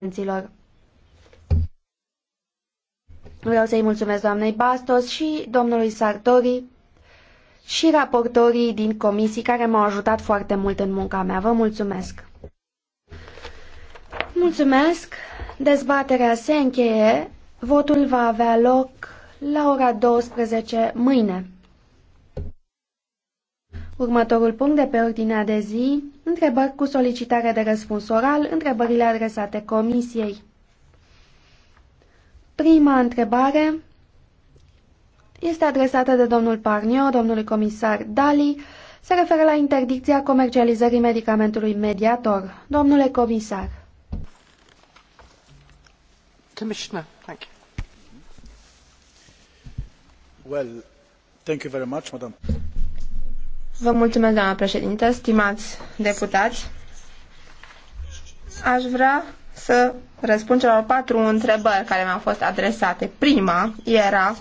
studenților. Vreau să-i mulțumesc doamnei Bastos și domnului Sartori și raportorii din comisii care m-au ajutat foarte mult în munca mea. Vă mulțumesc! Mulțumesc! Dezbaterea se încheie. Votul va avea loc la ora 12 mâine. Următorul punct de pe ordinea de zi întrebări cu solicitare de răspuns oral, întrebările adresate comisiei. Prima întrebare este adresată de domnul Parnio, domnului comisar Dali, se referă la interdicția comercializării medicamentului mediator. Domnule comisar. Commissioner, thank you. Well, thank you very much, madam. Vă mulțumesc, doamna președintă, stimați deputați. Aș vrea să răspund celor patru întrebări care mi-au fost adresate. Prima era,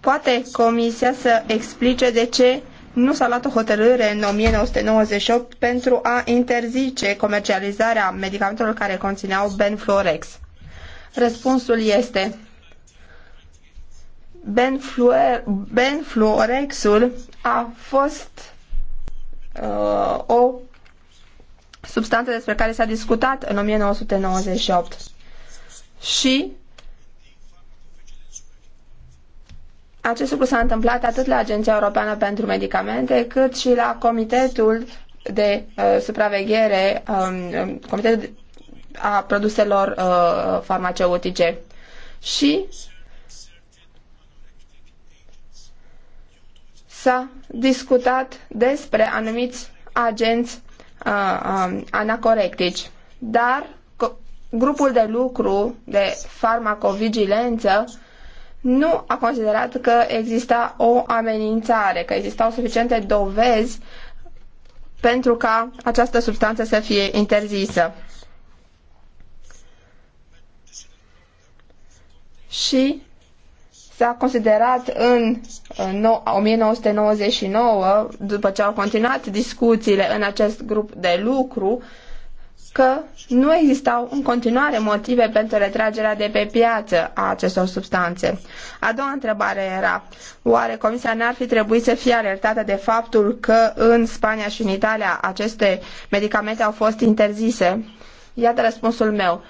poate Comisia să explice de ce nu s-a luat o hotărâre în 1998 pentru a interzice comercializarea medicamentelor care conțineau Benfluorex? Răspunsul este, Benfluorexul a fost uh, o substanță despre care s-a discutat în 1998. Și acest lucru s-a întâmplat atât la Agenția Europeană pentru Medicamente, cât și la Comitetul de uh, Supraveghere, um, um Comitetul a produselor uh, farmaceutice. Și s-a discutat despre anumiți agenți uh, um, anacorectici, dar grupul de lucru de farmacovigilență nu a considerat că exista o amenințare, că existau suficiente dovezi pentru ca această substanță să fie interzisă. Și s-a considerat în 1999, după ce au continuat discuțiile în acest grup de lucru, că nu existau în continuare motive pentru retragerea de pe piață a acestor substanțe. A doua întrebare era, oare Comisia n-ar fi trebuit să fie alertată de faptul că în Spania și în Italia aceste medicamente au fost interzise? Iată răspunsul meu.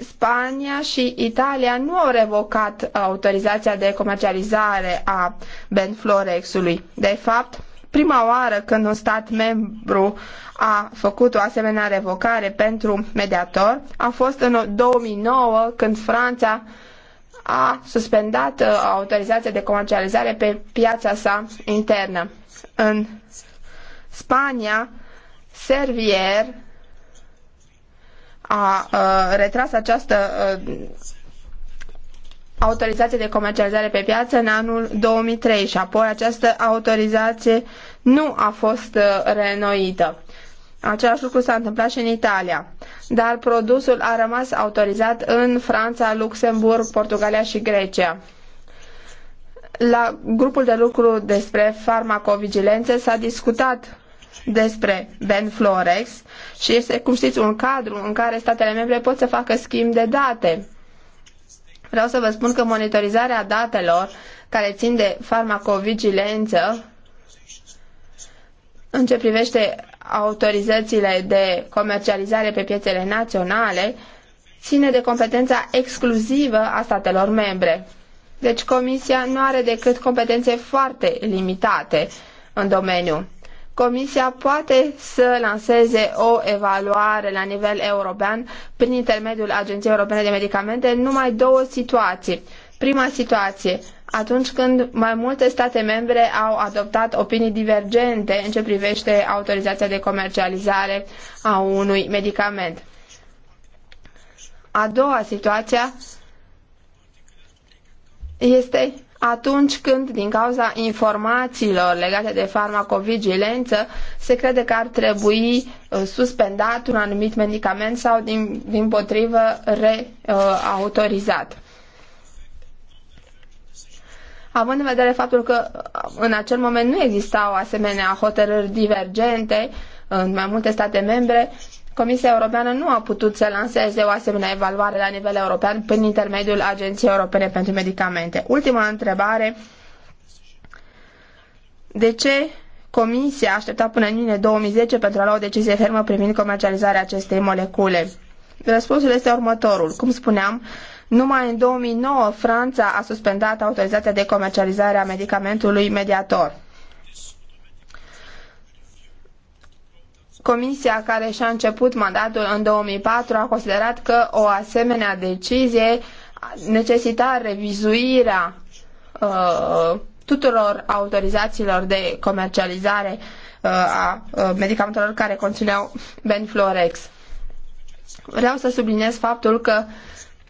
Spania și Italia nu au revocat autorizația de comercializare a Benflorexului. De fapt, prima oară când un stat membru a făcut o asemenea revocare pentru mediator a fost în 2009 când Franța a suspendat uh, autorizația de comercializare pe piața sa internă. În Spania, Servier a uh, retras această uh, autorizație de comercializare pe piață în anul 2003 și apoi această autorizație nu a fost uh, reînnoită. Același lucru s-a întâmplat și în Italia, dar produsul a rămas autorizat în Franța, Luxemburg, Portugalia și Grecia. La grupul de lucru despre farmacovigilență s-a discutat despre Ben Florex și este, cum știți, un cadru în care statele membre pot să facă schimb de date. Vreau să vă spun că monitorizarea datelor care țin de farmacovigilență în ce privește autorizațiile de comercializare pe piețele naționale ține de competența exclusivă a statelor membre. Deci Comisia nu are decât competențe foarte limitate în domeniu. Comisia poate să lanseze o evaluare la nivel european prin intermediul Agenției Europene de Medicamente în numai două situații. Prima situație, atunci când mai multe state membre au adoptat opinii divergente în ce privește autorizația de comercializare a unui medicament. A doua situație este atunci când, din cauza informațiilor legate de farmacovigilență, se crede că ar trebui uh, suspendat un anumit medicament sau, din, din potrivă, reautorizat. Având în vedere faptul că uh, în acel moment nu existau asemenea hotărâri divergente uh, în mai multe state membre, Comisia Europeană nu a putut să lanseze o asemenea evaluare la nivel european prin intermediul Agenției Europene pentru Medicamente. Ultima întrebare. De ce Comisia a așteptat până în iunie 2010 pentru a lua o decizie fermă privind comercializarea acestei molecule? Răspunsul este următorul. Cum spuneam, numai în 2009 Franța a suspendat autorizația de comercializare a medicamentului mediator. Comisia care și-a început mandatul în 2004 a considerat că o asemenea decizie necesita revizuirea uh, tuturor autorizațiilor de comercializare uh, a uh, medicamentelor care conțineau Benflorex. Vreau să subliniez faptul că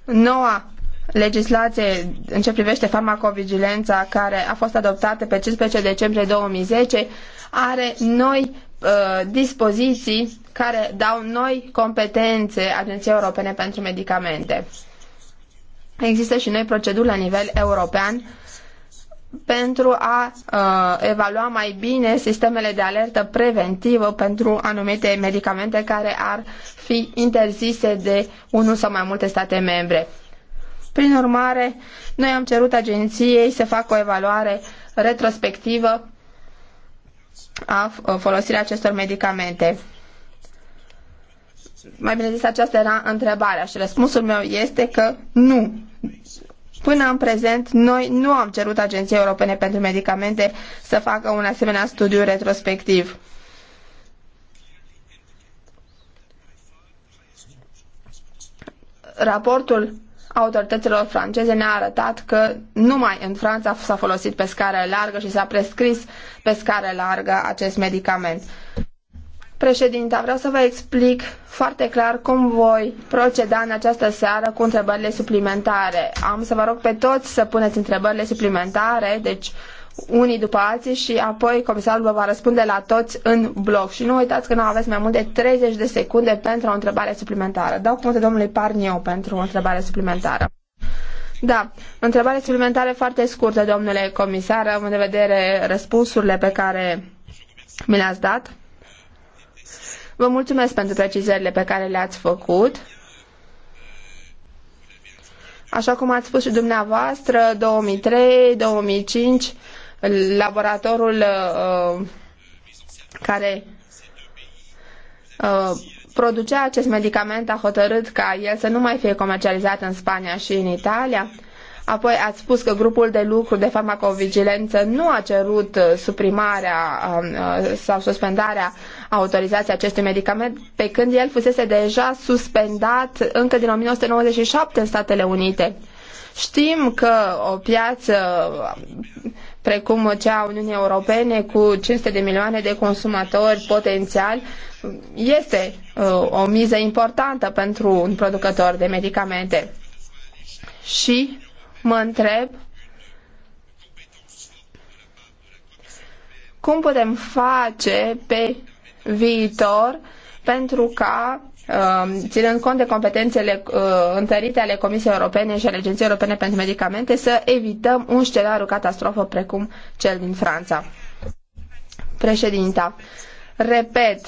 noua legislație în ce privește farmacovigilența care a fost adoptată pe 15 decembrie 2010 are noi uh, dispoziții care dau noi competențe Agenției Europene pentru Medicamente. Există și noi proceduri la nivel european pentru a uh, evalua mai bine sistemele de alertă preventivă pentru anumite medicamente care ar fi interzise de unul sau mai multe state membre. Prin urmare, noi am cerut agenției să facă o evaluare retrospectivă a folosirii acestor medicamente. Mai bine zis, aceasta era întrebarea și răspunsul meu este că nu. Până în prezent, noi nu am cerut Agenției Europene pentru Medicamente să facă un asemenea studiu retrospectiv. Raportul autorităților franceze ne-a arătat că numai în Franța s-a folosit pe scară largă și s-a prescris pe scară largă acest medicament. Președinta, vreau să vă explic foarte clar cum voi proceda în această seară cu întrebările suplimentare. Am să vă rog pe toți să puneți întrebările suplimentare, deci unii după alții și apoi comisarul vă va răspunde la toți în bloc. Și nu uitați că nu aveți mai mult de 30 de secunde pentru o întrebare suplimentară. Dau cuvântul domnului Parniu pentru o întrebare suplimentară. Da, întrebare suplimentară foarte scurtă, domnule comisar, având în vedere răspunsurile pe care mi le-ați dat. Vă mulțumesc pentru precizările pe care le-ați făcut. Așa cum ați spus și dumneavoastră, 2003, 2005, laboratorul uh, care uh, producea acest medicament a hotărât ca el să nu mai fie comercializat în Spania și în Italia. Apoi ați spus că grupul de lucru de farmacovigilență nu a cerut uh, suprimarea um, sau suspendarea autorizației acestui medicament, pe când el fusese deja suspendat încă din 1997 în Statele Unite. Știm că o piață precum cea a Uniunii Europene cu 500 de milioane de consumatori potențiali, este uh, o miză importantă pentru un producător de medicamente. Și mă întreb cum putem face pe viitor pentru ca Um, ținând cont de competențele uh, întărite ale Comisiei Europene și ale Agenției Europene pentru Medicamente, să evităm un scenariu catastrofă precum cel din Franța. Președinta, repet,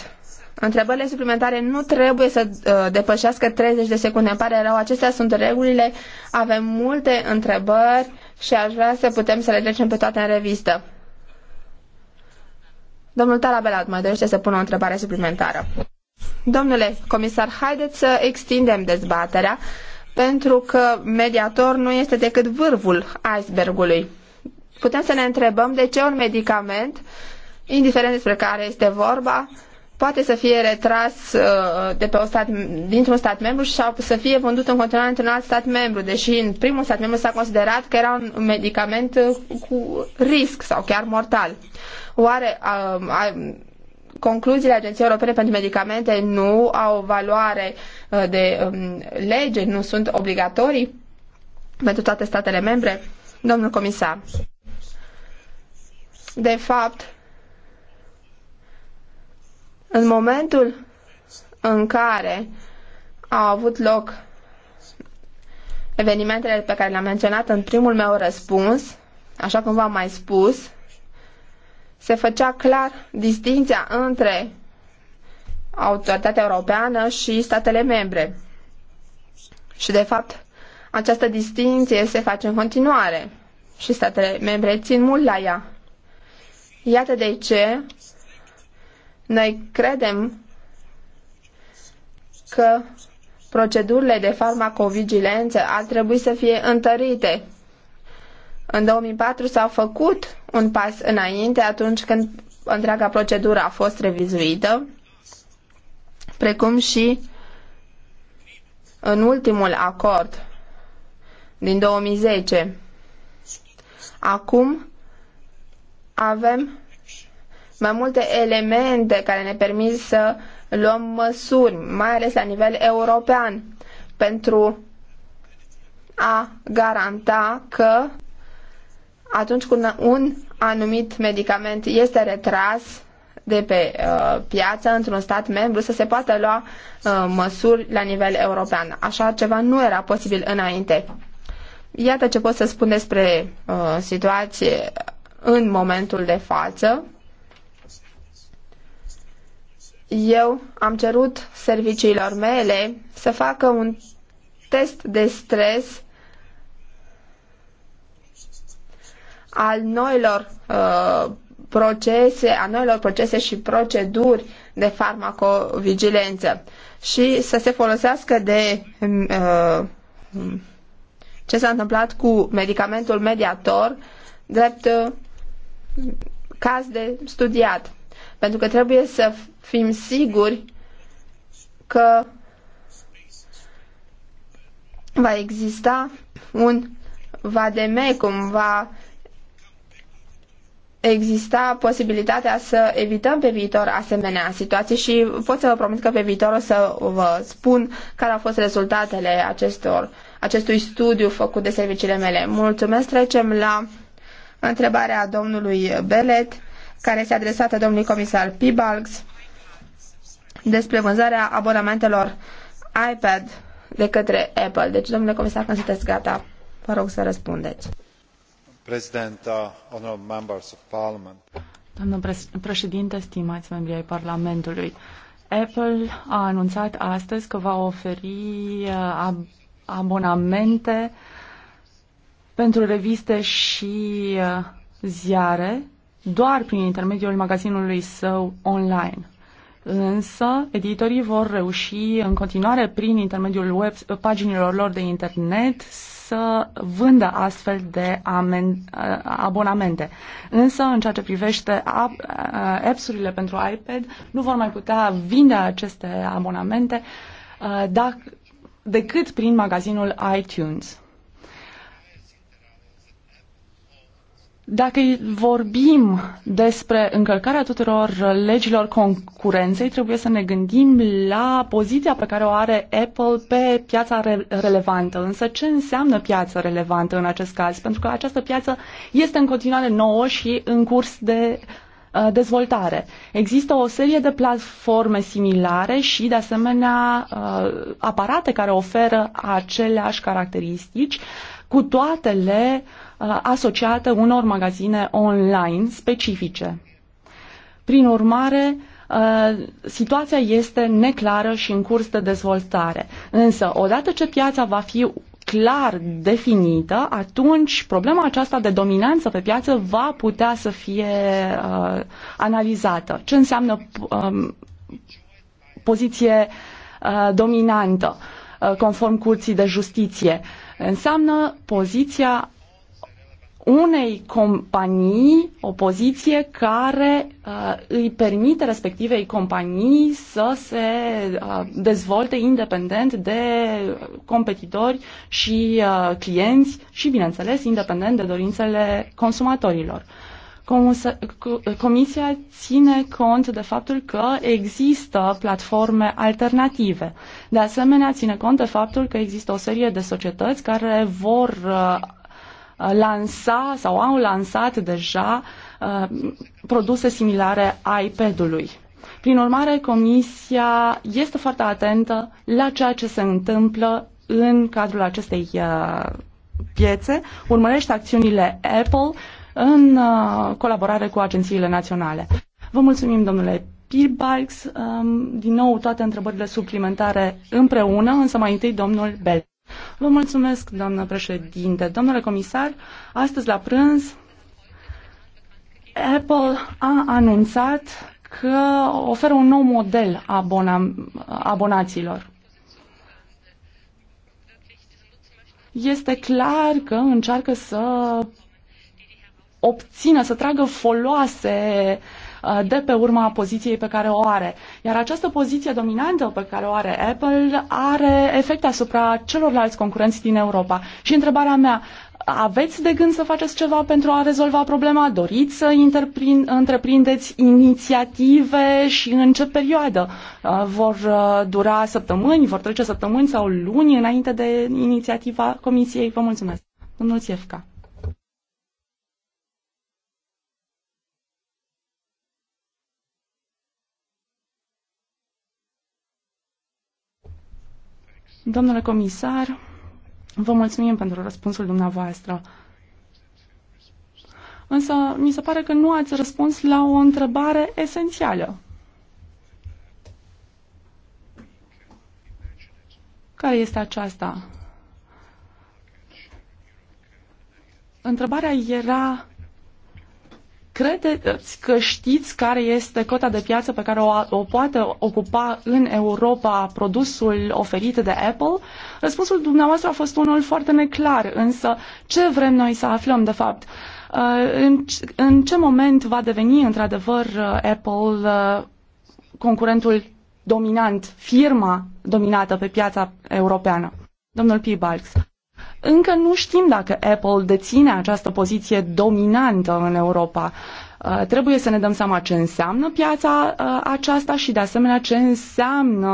întrebările suplimentare nu trebuie să uh, depășească 30 de secunde. Îmi pare rău, acestea sunt regulile, avem multe întrebări și aș vrea să putem să le trecem pe toate în revistă. Domnul talabelat, mai dorește să pună o întrebare suplimentară. Domnule comisar, haideți să extindem dezbaterea, pentru că mediator nu este decât vârful icebergului. Putem să ne întrebăm de ce un medicament, indiferent despre care este vorba, poate să fie retras uh, de pe stat, dintr-un stat membru și să fie vândut în continuare într-un alt stat membru, deși în primul stat membru s-a considerat că era un medicament uh, cu risc sau chiar mortal. Oare uh, a, a, concluziile Agenției Europene pentru Medicamente nu au o valoare uh, de um, lege, nu sunt obligatorii pentru toate statele membre? Domnul comisar, de fapt, în momentul în care au avut loc evenimentele pe care le-am menționat în primul meu răspuns, așa cum v-am mai spus, se făcea clar distinția între autoritatea europeană și statele membre. Și, de fapt, această distinție se face în continuare și statele membre țin mult la ea. Iată de ce noi credem că procedurile de farmacovigilență ar trebui să fie întărite în 2004 s-a făcut un pas înainte atunci când întreaga procedură a fost revizuită, precum și în ultimul acord din 2010. Acum avem mai multe elemente care ne permit să luăm măsuri, mai ales la nivel european, pentru a garanta că atunci când un anumit medicament este retras de pe uh, piață într-un stat membru să se poată lua uh, măsuri la nivel european. Așa ceva nu era posibil înainte. Iată ce pot să spun despre uh, situație în momentul de față. Eu am cerut serviciilor mele să facă un test de stres al noilor uh, procese, a noilor procese și proceduri de farmacovigilență și să se folosească de uh, ce s-a întâmplat cu medicamentul mediator drept uh, caz de studiat. Pentru că trebuie să fim siguri că va exista un vademe cumva exista posibilitatea să evităm pe viitor asemenea situații și pot să vă promit că pe viitor o să vă spun care au fost rezultatele acestor, acestui studiu făcut de serviciile mele. Mulțumesc, trecem la întrebarea domnului Belet, care este adresată domnului comisar Pibalgs despre vânzarea abonamentelor iPad de către Apple. Deci, domnule comisar, când sunteți gata, vă rog să răspundeți. Uh, președinte, membri ai Parlamentului, Apple a anunțat astăzi că va oferi uh, abonamente pentru reviste și uh, ziare doar prin intermediul magazinului său online. Însă, editorii vor reuși în continuare prin intermediul web, paginilor lor de internet să vândă astfel de amen, uh, abonamente. Însă, în ceea ce privește apps-urile uh, pentru iPad, nu vor mai putea vinde aceste abonamente uh, dacă, decât prin magazinul iTunes. Dacă vorbim despre încălcarea tuturor legilor concurenței, trebuie să ne gândim la poziția pe care o are Apple pe piața re- relevantă. Însă ce înseamnă piață relevantă în acest caz? Pentru că această piață este în continuare nouă și în curs de uh, dezvoltare. Există o serie de platforme similare și, de asemenea, uh, aparate care oferă aceleași caracteristici, cu toate le uh, Uh, asociate unor magazine online specifice. Prin urmare, uh, situația este neclară și în curs de dezvoltare. Însă, odată ce piața va fi clar definită, atunci problema aceasta de dominanță pe piață va putea să fie uh, analizată. Ce înseamnă um, poziție uh, dominantă, uh, conform curții de justiție? Înseamnă poziția unei companii o poziție care uh, îi permite respectivei companii să se uh, dezvolte independent de competitori și uh, clienți și, bineînțeles, independent de dorințele consumatorilor. comisia ține cont de faptul că există platforme alternative. De asemenea, ține cont de faptul că există o serie de societăți care vor uh, lansa sau au lansat deja uh, produse similare iPad-ului. Prin urmare, Comisia este foarte atentă la ceea ce se întâmplă în cadrul acestei uh, piețe, urmărește acțiunile Apple în uh, colaborare cu agențiile naționale. Vă mulțumim, domnule Pirbikes, um, din nou, toate întrebările suplimentare împreună, însă mai întâi domnul Bel. Vă mulțumesc, doamnă președinte. Domnule comisar, astăzi la prânz Apple a anunțat că oferă un nou model abona- abonaților. Este clar că încearcă să obțină, să tragă foloase uh, Uh, de pe urma poziției pe care o are. Iar această poziție dominantă pe care o are Apple are efecte asupra celorlalți concurenți din Europa. Și întrebarea mea, aveți de gând să faceți ceva pentru a rezolva problema? Doriți să întreprindeți inițiative și în ce perioadă? Uh, vor uh, dura săptămâni, vor trece săptămâni sau luni înainte de inițiativa Comisiei? Vă mulțumesc. Domnul Țiefca. Domnule comisar, vă mulțumim pentru răspunsul dumneavoastră. Însă, mi se pare că nu ați răspuns la o întrebare esențială. Care este aceasta? Întrebarea era Credeți că știți care este cota de piață pe care o, o poate ocupa în Europa produsul oferit de Apple? Răspunsul dumneavoastră a fost unul foarte neclar, însă ce vrem noi să aflăm de fapt? Uh, în, în ce moment va deveni într-adevăr uh, Apple uh, concurentul dominant, firma dominată pe piața europeană? Domnul P. Balks. Încă nu știm dacă Apple deține această poziție dominantă în Europa. Uh, trebuie să ne dăm seama ce înseamnă piața uh, aceasta și, de asemenea, ce înseamnă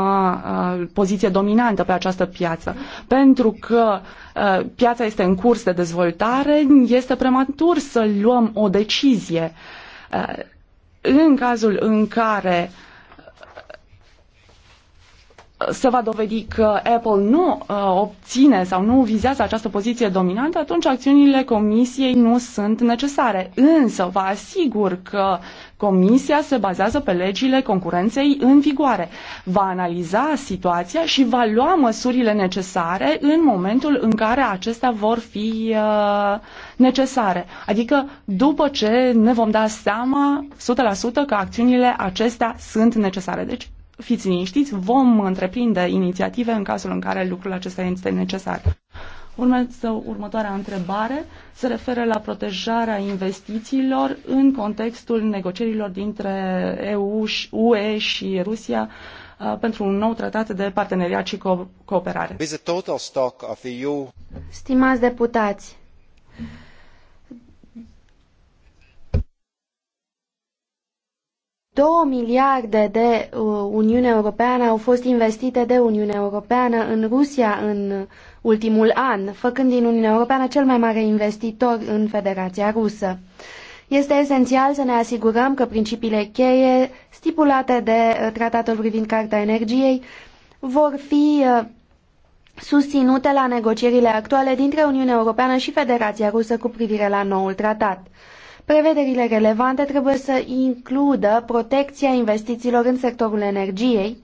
uh, poziție dominantă pe această piață. Pentru că piața este în curs de dezvoltare, este prematur să luăm o decizie. În cazul în care uh, se va dovedi că Apple nu uh, obține sau nu vizează această poziție dominantă, atunci acțiunile comisiei nu sunt necesare. Însă vă asigur că comisia se bazează pe legile concurenței în vigoare. Va analiza situația și va lua măsurile necesare în momentul în care acestea vor fi uh, necesare. Adică după ce ne vom da seama 100% că acțiunile acestea sunt necesare. Deci fiți liniștiți, vom întreprinde inițiative în cazul în care lucrul acesta este necesar. Urmează următoarea întrebare, se referă la protejarea investițiilor în contextul negocierilor dintre EU, UE și Rusia uh, pentru un nou tratat de parteneriat și cooperare. Stimați deputați, 2 miliarde de uh, Uniune Europeană au fost investite de Uniunea Europeană în Rusia în ultimul an, făcând din Uniunea Europeană cel mai mare investitor în Federația Rusă. Este esențial să ne asigurăm că principiile cheie stipulate de uh, tratatul privind Carta Energiei vor fi uh, susținute la negocierile actuale dintre Uniunea Europeană și Federația Rusă cu privire la noul tratat. Prevederile relevante trebuie să includă protecția investițiilor în sectorul energiei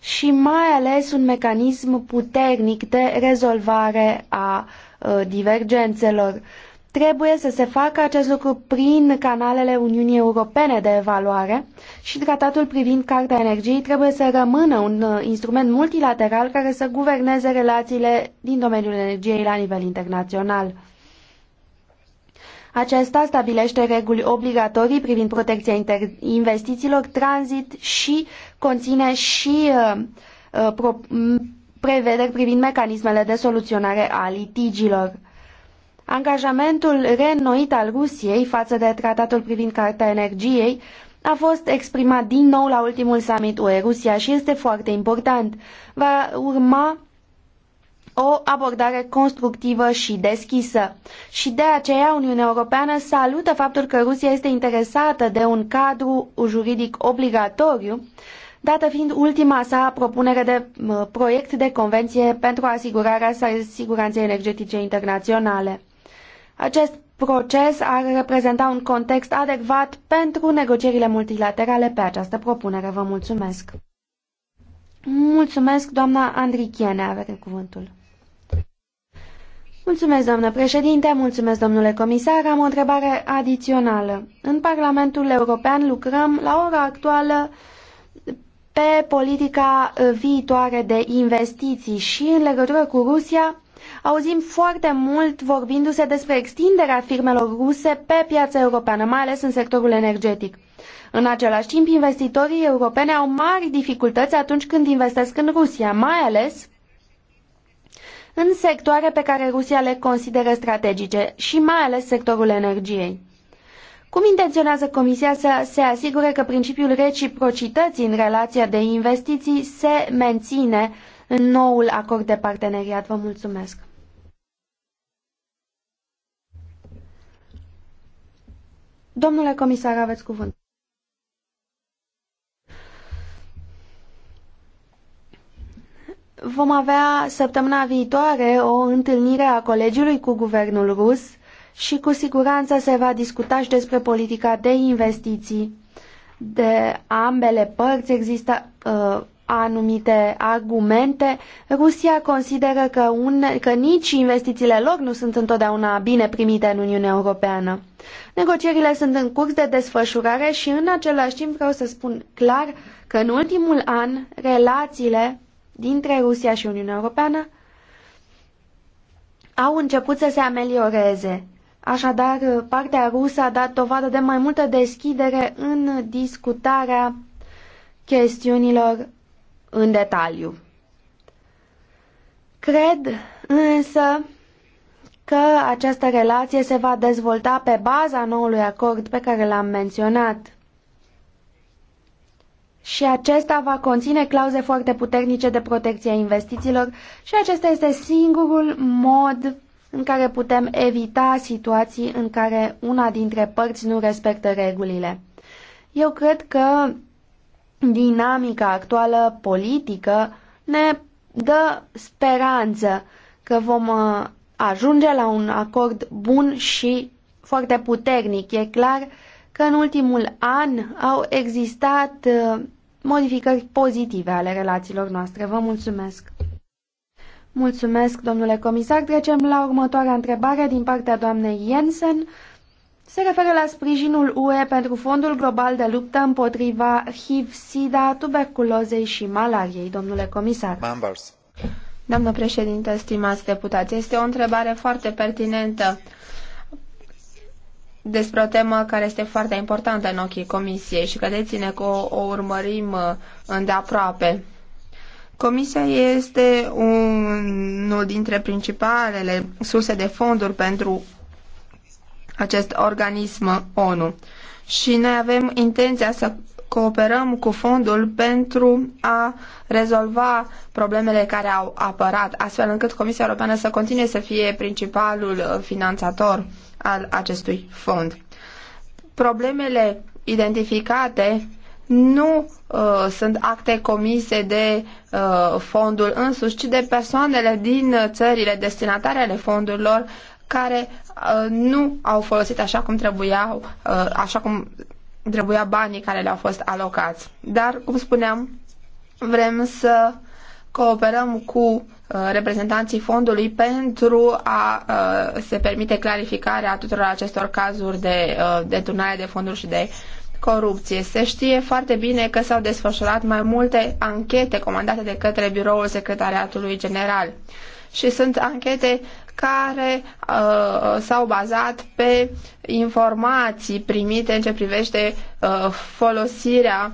și mai ales un mecanism puternic de rezolvare a uh, divergențelor. Trebuie să se facă acest lucru prin canalele Uniunii Europene de evaluare și tratatul privind Carta Energiei trebuie să rămână un uh, instrument multilateral care să guverneze relațiile din domeniul energiei la nivel internațional. Acesta stabilește reguli obligatorii privind protecția investițiilor, tranzit și conține și uh, uh pro, prevederi privind mecanismele de soluționare a litigiilor. Angajamentul reînnoit al Rusiei față de tratatul privind Carta Energiei a fost exprimat din nou la ultimul summit UE-Rusia și este foarte important. Va urma o abordare constructivă și deschisă. Și de aceea Uniunea Europeană salută faptul că Rusia este interesată de un cadru juridic obligatoriu, dată fiind ultima sa propunere de proiect de convenție pentru asigurarea siguranței energetice internaționale. Acest proces ar reprezenta un context adecvat pentru negocierile multilaterale pe această propunere. Vă mulțumesc! Mulțumesc, doamna Andrichiene, avete cuvântul. Mulțumesc, doamnă președinte, mulțumesc, domnule comisar. Am o întrebare adițională. În Parlamentul European lucrăm la ora actuală pe politica uh, viitoare de investiții și în legătură cu Rusia auzim foarte mult vorbindu-se despre extinderea firmelor ruse pe piața europeană, mai ales în sectorul energetic. În același timp, investitorii europeni au mari dificultăți atunci când investesc în Rusia, mai ales în sectoare pe care Rusia le consideră strategice și mai ales sectorul energiei. Cum intenționează Comisia să se asigure că principiul reciprocității în relația de investiții se menține în noul acord de parteneriat? Vă mulțumesc! Domnule comisar, aveți cuvânt. Vom avea săptămâna viitoare o întâlnire a colegiului cu guvernul rus și cu siguranță se va discuta și despre politica de investiții. De ambele părți există uh, anumite argumente. Rusia consideră că, un, că nici investițiile lor nu sunt întotdeauna bine primite în Uniunea Europeană. Negocierile sunt în curs de desfășurare și în același timp vreau să spun clar că în ultimul an relațiile dintre Rusia și Uniunea Europeană au început să se amelioreze. Așadar, partea rusă a dat dovadă de mai multă deschidere în discutarea chestiunilor în detaliu. Cred însă că această relație se va dezvolta pe baza noului acord pe care l-am menționat și acesta va conține clauze foarte puternice de protecție a investițiilor și acesta este singurul mod în care putem evita situații în care una dintre părți nu respectă regulile. Eu cred că dinamica actuală politică ne dă speranță că vom uh, ajunge la un acord bun și foarte puternic. E clar că în ultimul an au existat uh, modificări pozitive ale relațiilor noastre. Vă mulțumesc! Mulțumesc, domnule comisar. Trecem la următoarea întrebare din partea doamnei Jensen. Se referă la sprijinul UE pentru Fondul Global de Luptă împotriva HIV, SIDA, tuberculozei și malariei, domnule comisar. Members. Doamnă președinte, stimați deputați, este o întrebare foarte pertinentă despre o temă care este foarte importantă în ochii Comisiei și credeți-ne că o, o urmărim uh, îndeaproape. Comisia este unul dintre principalele surse de fonduri pentru acest organism ONU și noi avem intenția să cooperăm cu fondul pentru a rezolva problemele care au apărat, astfel încât Comisia Europeană să continue să fie principalul uh, finanțator al acestui fond. Problemele identificate nu uh, sunt acte comise de uh, fondul însuși, ci de persoanele din țările destinatare ale fondurilor care uh, nu au folosit așa cum trebuiau, uh, așa cum trebuia banii care le-au fost alocați. Dar, cum spuneam, vrem să uh, cooperăm cu uh, reprezentanții fondului pentru a uh, se permite clarificarea tuturor acestor cazuri de uh, deturnare de fonduri și de corupție. Se știe foarte bine că s-au desfășurat mai multe anchete comandate de către Biroul Secretariatului General și sunt anchete care uh, s-au bazat pe informații primite în ce privește uh, folosirea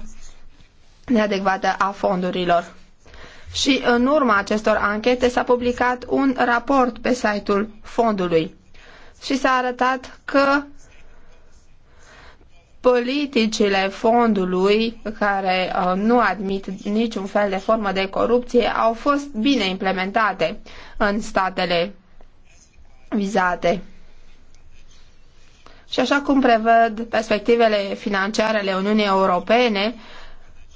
neadecvată a fondurilor și în urma acestor anchete s-a publicat un raport pe site-ul fondului și s-a arătat că politicile fondului care uh, nu admit niciun fel de formă de corupție au fost bine implementate în statele vizate. Și așa cum prevăd perspectivele financiare ale Uniunii Europene,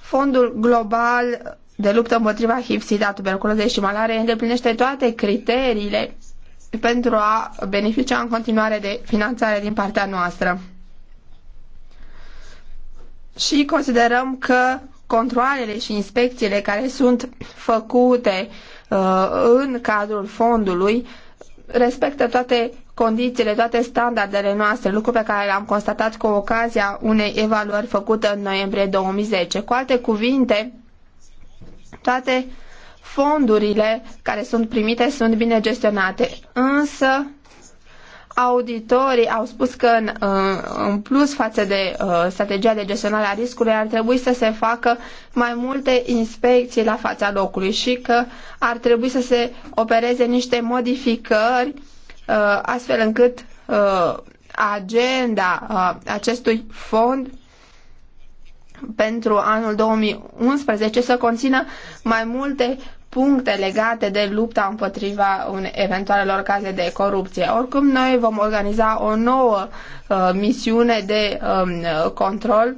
fondul global de luptă împotriva HIV-SIDA, tuberculozei și malare îndeplinește toate criteriile pentru a beneficia în continuare de finanțare din partea noastră. Și considerăm că controlele și inspecțiile care sunt făcute uh, în cadrul fondului respectă toate condițiile, toate standardele noastre, lucru pe care l-am constatat cu ocazia unei evaluări făcute în noiembrie 2010. Cu alte cuvinte, toate fondurile care sunt primite sunt bine gestionate, însă auditorii au spus că în, uh, în plus față de uh, strategia de gestionare a riscului ar trebui să se facă mai multe inspecții la fața locului și că ar trebui să se opereze niște modificări uh, astfel încât uh, agenda uh, acestui fond pentru anul 2011 să conțină mai multe puncte legate de lupta împotriva eventualelor caze de corupție. Oricum, noi vom organiza o nouă uh, misiune de um, control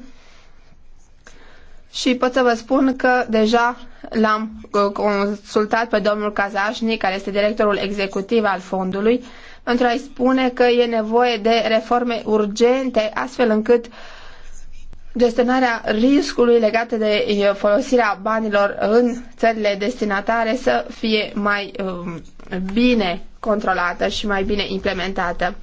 și pot să vă spun că deja l-am uh, consultat pe domnul Cazașni, care este directorul executiv al fondului, pentru a-i spune că e nevoie de reforme urgente, astfel încât uh, gestionarea riscului legate de folosirea banilor în țările destinatare să fie mai um, bine controlată și mai bine implementată.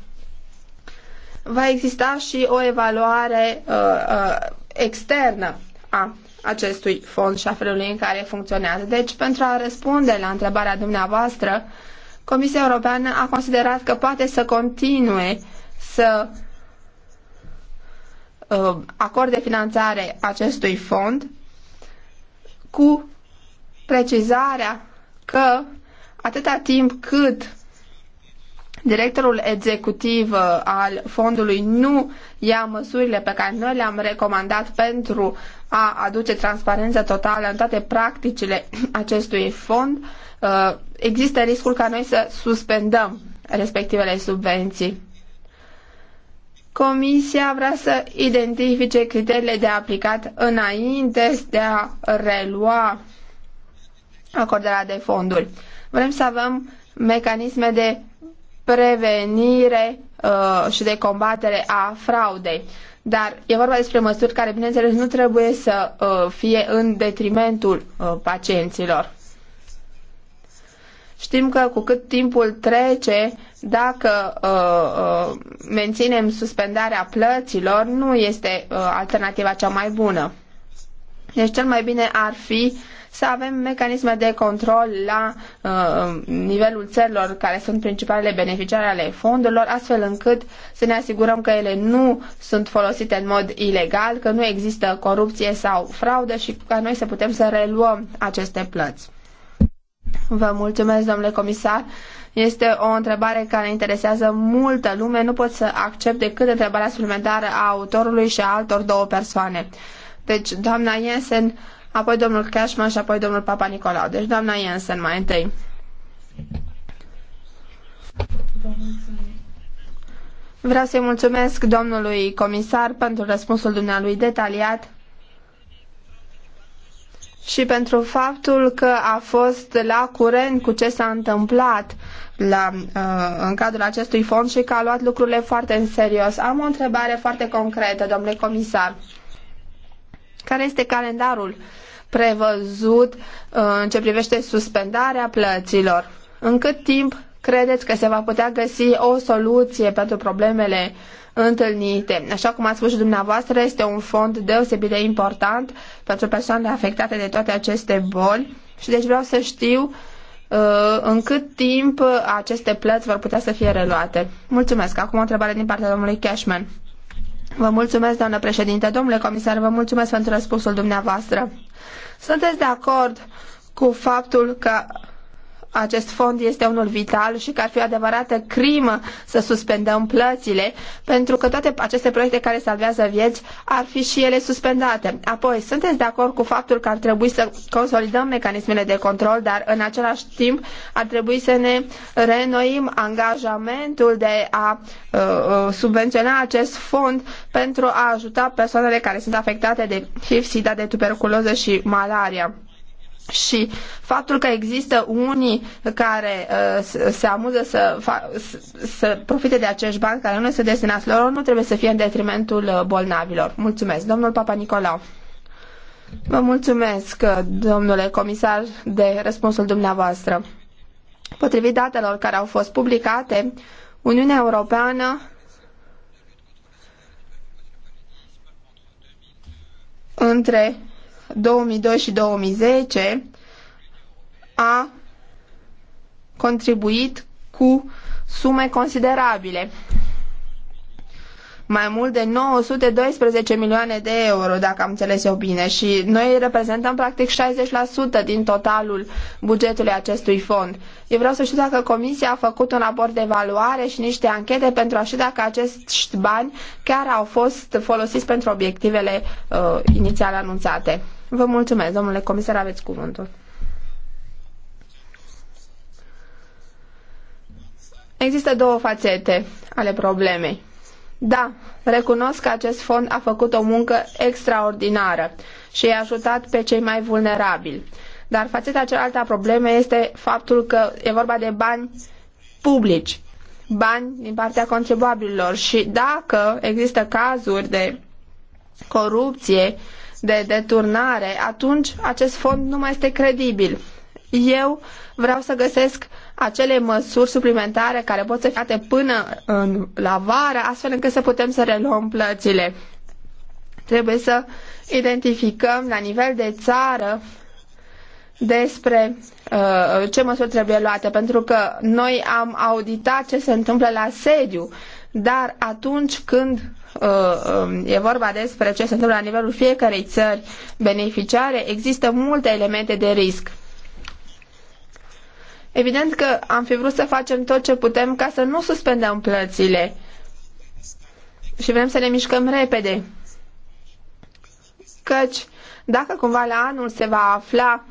Va exista și o evaluare uh, uh, externă a acestui fond și a felului în care funcționează. Deci, pentru a răspunde la întrebarea dumneavoastră, Comisia Europeană a considerat că poate să continue să uh, Uh, acorde finanțare acestui fond cu precizarea că atâta timp cât directorul executiv uh, al fondului nu ia măsurile pe care noi le-am recomandat pentru a aduce transparență totală în toate practicile acestui fond, uh, există riscul ca noi să suspendăm respectivele subvenții. Comisia vrea să identifice criteriile de aplicat înainte de a relua acordarea de fonduri. Vrem să avem mecanisme de prevenire uh, și de combatere a fraudei. Dar e vorba despre măsuri care, bineînțeles, nu trebuie să uh, fie în detrimentul uh, pacienților. Știm că cu cât timpul trece, dacă uh, uh, menținem suspendarea plăților, nu este uh, alternativa cea mai bună. Deci cel mai bine ar fi să avem mecanisme de control la uh, nivelul țărilor care sunt principalele beneficiare ale fondurilor, astfel încât să ne asigurăm că ele nu sunt folosite în mod ilegal, că nu există corupție sau fraudă și ca noi să putem să reluăm aceste plăți. Vă mulțumesc, domnule comisar. Este o întrebare care interesează multă lume. Nu pot să accept decât întrebarea suplimentară a autorului și a altor două persoane. Deci, doamna Jensen, apoi domnul Cashman și apoi domnul Papa Nicolau. Deci, doamna Jensen, mai întâi. Vreau să-i mulțumesc domnului comisar pentru răspunsul dumnealui detaliat și pentru faptul că a fost la curent cu ce s-a întâmplat la, uh, în cadrul acestui fond și că a luat lucrurile foarte în serios. Am o întrebare foarte concretă, domnule comisar. Care este calendarul prevăzut uh, în ce privește suspendarea plăților? În cât timp credeți că se va putea găsi o soluție pentru problemele întâlnite. Așa cum ați spus și dumneavoastră, este un fond deosebit de important pentru persoanele afectate de toate aceste boli și deci vreau să știu uh, în cât timp aceste plăți vor putea să fie reluate. Mulțumesc. Acum o întrebare din partea domnului Cashman. Vă mulțumesc, doamnă președinte. Domnule comisar, vă mulțumesc pentru răspunsul dumneavoastră. Sunteți de acord cu faptul că acest fond este unul vital și că ar fi o adevărată crimă să suspendăm plățile, pentru că toate aceste proiecte care salvează vieți ar fi și ele suspendate. Apoi, sunteți de acord cu faptul că ar trebui să consolidăm mecanismele de control, dar în același timp ar trebui să ne reînnoim angajamentul de a uh, uh subvenționa acest fond pentru a ajuta persoanele care sunt afectate de HIV, SIDA, de tuberculoză și malaria și faptul că există unii care uh, se amuză să, să profite de acești bani care nu se destinați lor, nu trebuie să fie în detrimentul uh, bolnavilor. Mulțumesc. Domnul Papa Nicolau. Vă mulțumesc, uh, domnule comisar, de răspunsul dumneavoastră. Potrivit datelor care au fost publicate, Uniunea Europeană între 2002 și 2010 a contribuit cu sume considerabile. Mai mult de 912 milioane de euro, dacă am înțeles eu bine, și noi reprezentăm practic 60% din totalul bugetului acestui fond. Eu vreau să știu dacă Comisia a făcut un raport de evaluare și niște anchete pentru a ști dacă acești bani chiar au fost folosiți pentru obiectivele uh, inițial anunțate. Vă mulțumesc, domnule comisar, aveți cuvântul. Există două fațete ale problemei. Da, recunosc că acest fond a făcut o muncă extraordinară și a ajutat pe cei mai vulnerabili. Dar fațeta cealaltă a problemei este faptul că e vorba de bani publici, bani din partea contribuabililor și dacă există cazuri de corupție de deturnare, atunci acest fond nu mai este credibil. Eu vreau să găsesc acele măsuri suplimentare care pot să fie până în, la vară, astfel încât să putem să reluăm plățile. Trebuie să identificăm la nivel de țară despre uh, ce măsuri trebuie luate, pentru că noi am auditat ce se întâmplă la sediu, dar atunci când Uh, um, e vorba despre ce se întâmplă la nivelul fiecarei țări beneficiare, există multe elemente de risc. Evident că am fi vrut să facem tot ce putem ca să nu suspendăm plățile și vrem să ne mișcăm repede. Căci, dacă cumva la anul se va afla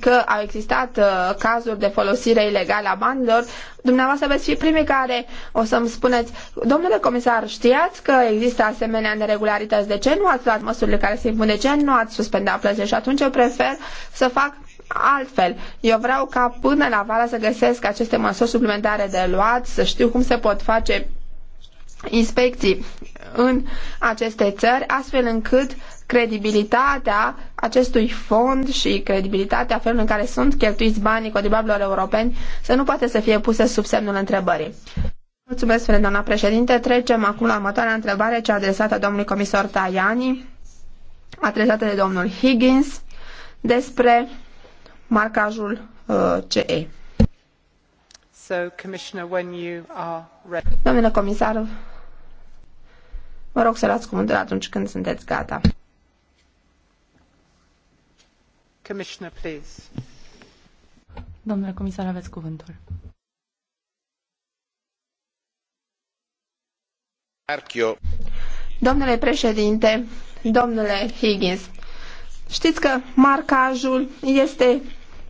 că au existat uh, cazuri de folosire ilegală a banilor, dumneavoastră veți fi primii care o să-mi spuneți, domnule comisar, știați că există asemenea neregularități, de ce nu ați luat măsurile care se impun, de ce nu ați suspendat plățile și atunci eu prefer să fac altfel. Eu vreau ca până la vara să găsesc aceste măsuri suplimentare de luat, să știu cum se pot face inspecții în aceste țări, astfel încât credibilitatea acestui fond și credibilitatea felului în care sunt cheltuiți banii contribuabililor europeni să nu poate să fie puse sub semnul întrebării. Mulțumesc, doamna președinte. Trecem acum la următoarea întrebare, cea adresată domnului comisar Tajani, adresată de domnul Higgins, despre marcajul uh, CE. So, Commissioner, when you are ready. Domnule comisar, Vă rog să luați cuvântul atunci când sunteți gata. Commissioner, please. Domnule comisar, aveți cuvântul. Archio. Domnule președinte, domnule Higgins, știți că marcajul este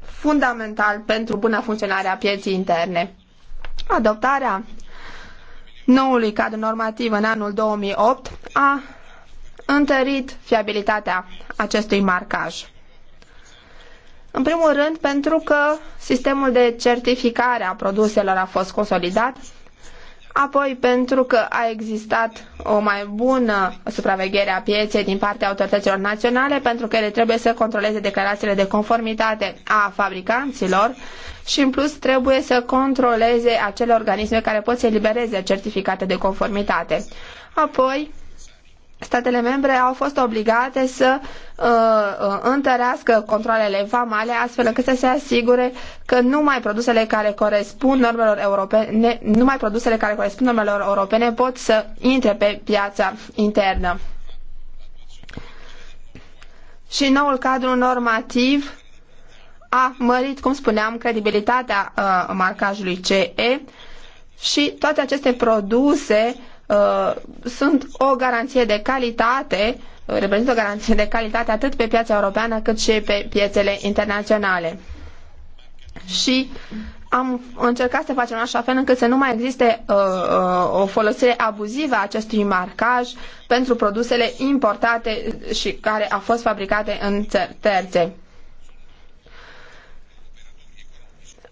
fundamental pentru buna funcționare a pieții interne. Adoptarea noului cadru normativ în anul 2008 a întărit fiabilitatea acestui marcaj. În primul rând, pentru că sistemul de certificare a produselor a fost consolidat apoi pentru că a existat o mai bună supraveghere a pieței din partea autorităților naționale, pentru că ele trebuie să controleze declarațiile de conformitate a fabricanților și în plus trebuie să controleze acele organisme care pot să elibereze certificate de conformitate. Apoi, statele membre au fost obligate să uh, uh, întărească controlele vamale astfel încât să se asigure că numai produsele care corespund normelor europene, numai produsele care corespund normelor europene pot să intre pe piața internă. Și noul cadru normativ a mărit, cum spuneam, credibilitatea uh, marcajului CE și toate aceste produse Uh, sunt o garanție de calitate, uh, reprezintă o garanție de calitate atât pe piața europeană cât și pe piețele internaționale. Și am încercat să facem așa fel încât să nu mai existe uh, uh, o folosire abuzivă a acestui marcaj pentru produsele importate și care au fost fabricate în țări terțe.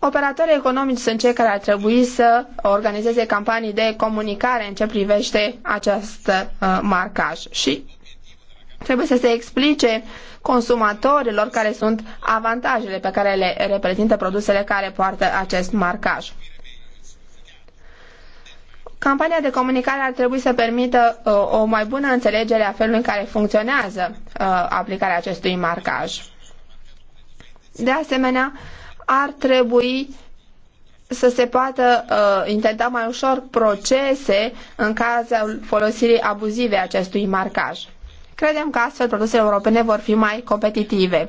Operatorii economici sunt cei care ar trebui să organizeze campanii de comunicare în ce privește acest uh, marcaj și trebuie să se explice consumatorilor care sunt avantajele pe care le reprezintă produsele care poartă acest marcaj. Campania de comunicare ar trebui să permită uh, o mai bună înțelegere a felului în care funcționează uh, aplicarea acestui marcaj. De asemenea, uh, ar trebui să se poată uh, intenta mai ușor procese în cazul folosirii abuzive a acestui marcaj. Credem că astfel produsele europene vor fi mai competitive.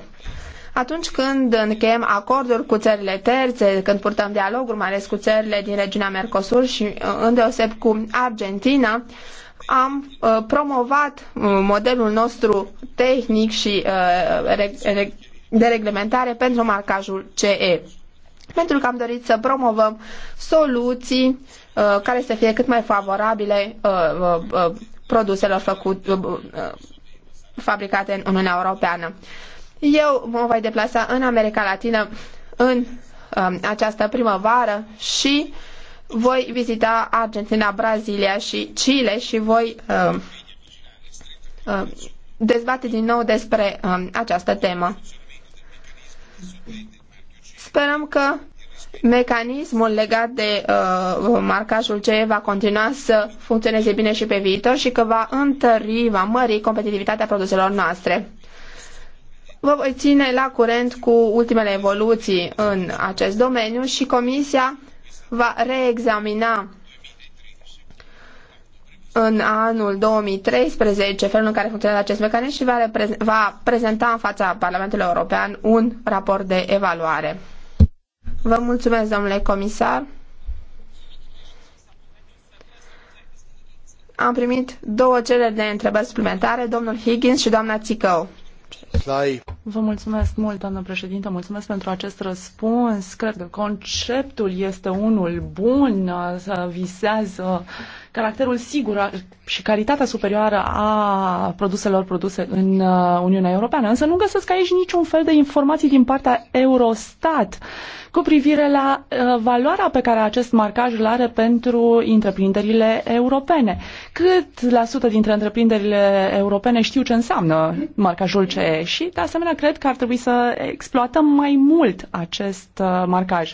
Atunci când încheiem acorduri cu țările terțe, când purtăm dialoguri, mai ales cu țările din regiunea Mercosur și uh, îndeoseb cu Argentina, am uh, promovat uh, modelul nostru tehnic și de reglementare pentru marcajul CE. Pentru că am dorit să promovăm soluții uh, care să fie cât mai favorabile uh, uh, uh produselor făcut, uh, uh, fabricate în Uniunea Europeană. Eu mă voi deplasa în America Latină în um, această primăvară și voi vizita Argentina, Brazilia și Chile și voi um, dezbate din nou despre um, această temă. Sperăm că mecanismul legat de uh, marcajul CE va continua să funcționeze bine și pe viitor și că va întări, va mări competitivitatea produselor noastre. Vă voi ține la curent cu ultimele evoluții în acest domeniu și Comisia va reexamina în anul 2013 felul în care funcționează acest mecanism și va, va prezenta în fața Parlamentului European un raport de evaluare. Vă mulțumesc, domnule comisar. Am primit două cereri de întrebări suplimentare, domnul Higgins și doamna Țicău. Vă mulțumesc mult, doamnă președintă, mulțumesc pentru acest răspuns. Cred că conceptul este unul bun, să visează caracterul sigur și calitatea superioară a produselor produse în uh, Uniunea Europeană. Însă nu găsesc aici niciun fel de informații din partea Eurostat cu privire la uh, valoarea pe care acest marcaj îl are pentru întreprinderile europene. Cât la sută dintre întreprinderile europene știu ce înseamnă marcajul CE și, de asemenea, cred că ar trebui să exploatăm mai mult acest uh, marcaj.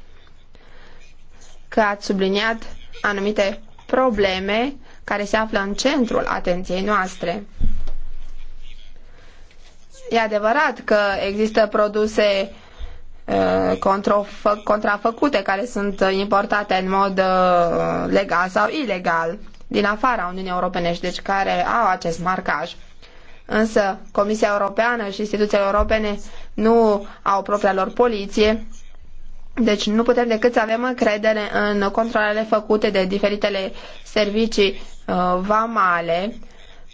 că ați subliniat anumite probleme care se află în centrul atenției noastre. E adevărat că există produse uh, contrafăcute care sunt importate în mod uh, legal sau ilegal din afara Uniunii Europene și deci care au acest marcaj. Însă Comisia Europeană și instituțiile europene nu au propria lor poliție deci nu putem decât să avem încredere în controlele făcute de diferitele servicii uh, vamale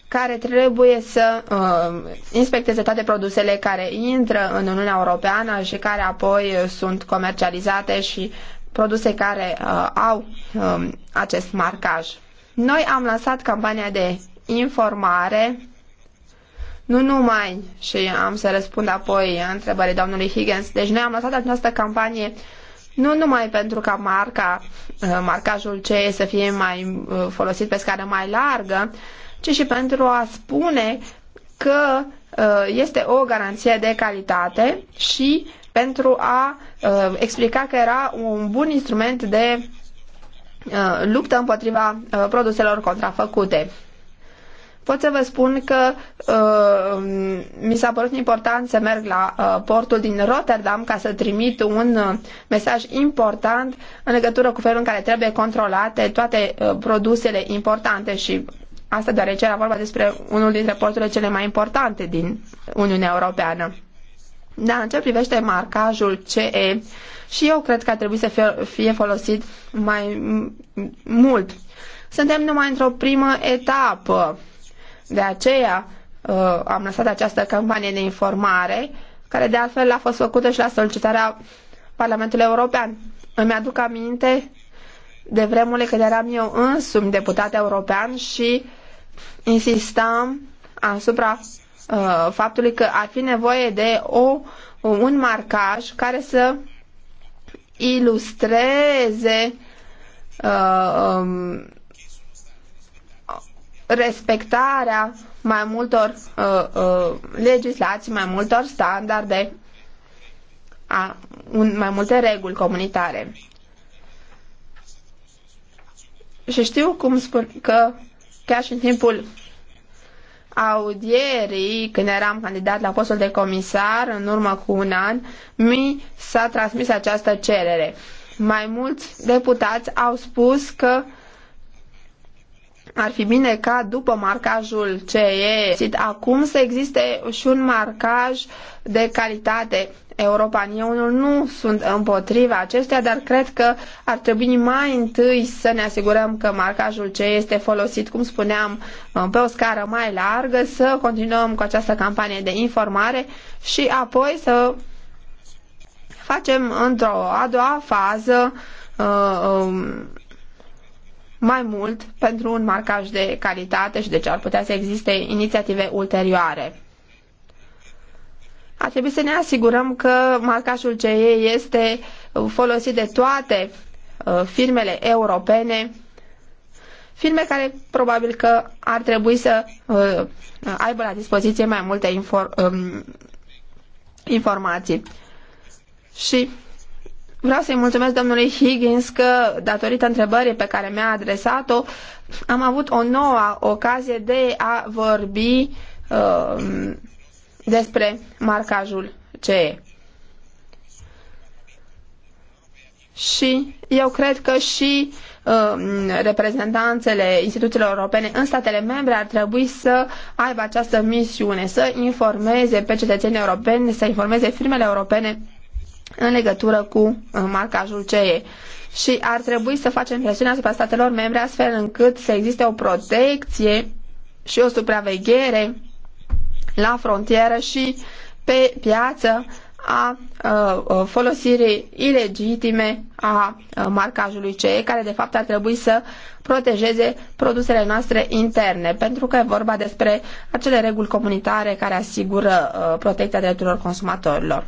care trebuie să uh, inspecteze toate produsele care intră în Uniunea Europeană și care apoi sunt comercializate și produse care uh, au uh, acest marcaj. Noi am lansat campania de informare nu numai, și am să răspund apoi întrebării domnului Higgins, deci noi am lăsat această campanie nu numai pentru ca marca, uh, marcajul CE să fie mai uh, folosit pe scară mai largă, ci și pentru a spune că uh, este o garanție de calitate și pentru a explica că era un bun instrument de luptă împotriva produselor contrafăcute pot să vă spun că uh, mi s-a părut important să merg la uh, portul din Rotterdam ca să trimit un uh, mesaj important în legătură cu felul în care trebuie controlate toate uh, produsele importante și asta deoarece era vorba despre unul dintre porturile cele mai importante din Uniunea Europeană. Da, în ce privește marcajul CE, și eu cred că ar trebui să fie, fie folosit mai mult. Suntem numai într-o primă etapă de aceea uh, am lăsat această campanie de informare, care de altfel a fost făcută și la solicitarea Parlamentului European. Îmi aduc aminte de vremurile când eram eu însumi deputat european și insistam asupra uh, faptului că ar fi nevoie de o, un marcaj care să ilustreze uh, um, respectarea mai multor uh, uh, legislații, mai multor standarde, a, un, mai multe reguli comunitare. Și știu cum spun că chiar și în timpul audierii, când eram candidat la postul de comisar, în urmă cu un an, mi s-a transmis această cerere. Mai mulți deputați au spus că uh, ar fi bine ca după marcajul CE acum să existe și un marcaj de calitate european. Eu nu sunt împotriva acestea, dar cred că ar trebui mai întâi să ne asigurăm că marcajul ce este folosit, cum spuneam, uh, pe o scară mai largă, să continuăm cu această campanie de informare și apoi să facem într-o a doua fază uh, um, mai mult pentru un marcaj de calitate și deci ar putea să existe inițiative ulterioare. Ar trebui să ne asigurăm că marcașul CE este folosit de toate uh, firmele europene, firme care probabil că ar trebui să uh, aibă la dispoziție mai multe inform um, informații. Și Vreau să-i mulțumesc domnului Higgins că, datorită întrebării pe care mi-a adresat-o, am avut o nouă ocazie de a vorbi uh, despre marcajul CE. Și eu cred că și uh, reprezentanțele instituțiilor europene în statele membre ar trebui să aibă această misiune, să informeze pe cetățenii europeni, să informeze firmele europene în legătură cu uh, marcajul CE. Și ar trebui să facem presiune asupra statelor membre astfel încât să existe o protecție și o supraveghere la frontieră și pe piață a, a uh, uh, folosirii ilegitime a, a marcajului CE, care de fapt ar trebui să protejeze produsele noastre interne, pentru că e vorba despre acele reguli comunitare care asigură a, protecția drepturilor consumatorilor.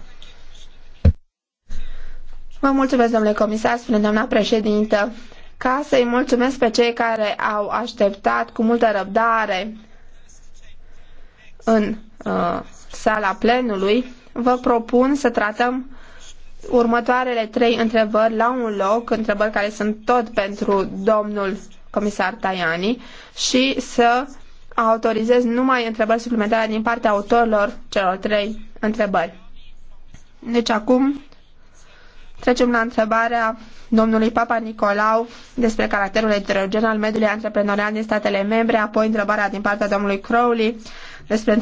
Vă mulțumesc, domnule comisar, spune doamna președintă, ca să-i mulțumesc pe cei care au așteptat cu multă răbdare în uh, sala plenului, vă propun să tratăm următoarele trei întrebări la un loc, întrebări care sunt tot pentru domnul comisar Tajani și să autorizez numai întrebări suplimentare din partea autorilor celor trei întrebări. Deci acum Trecem la întrebarea domnului Papa Nicolau despre caracterul heterogen al mediului antreprenorial din statele membre, apoi întrebarea din partea domnului Crowley despre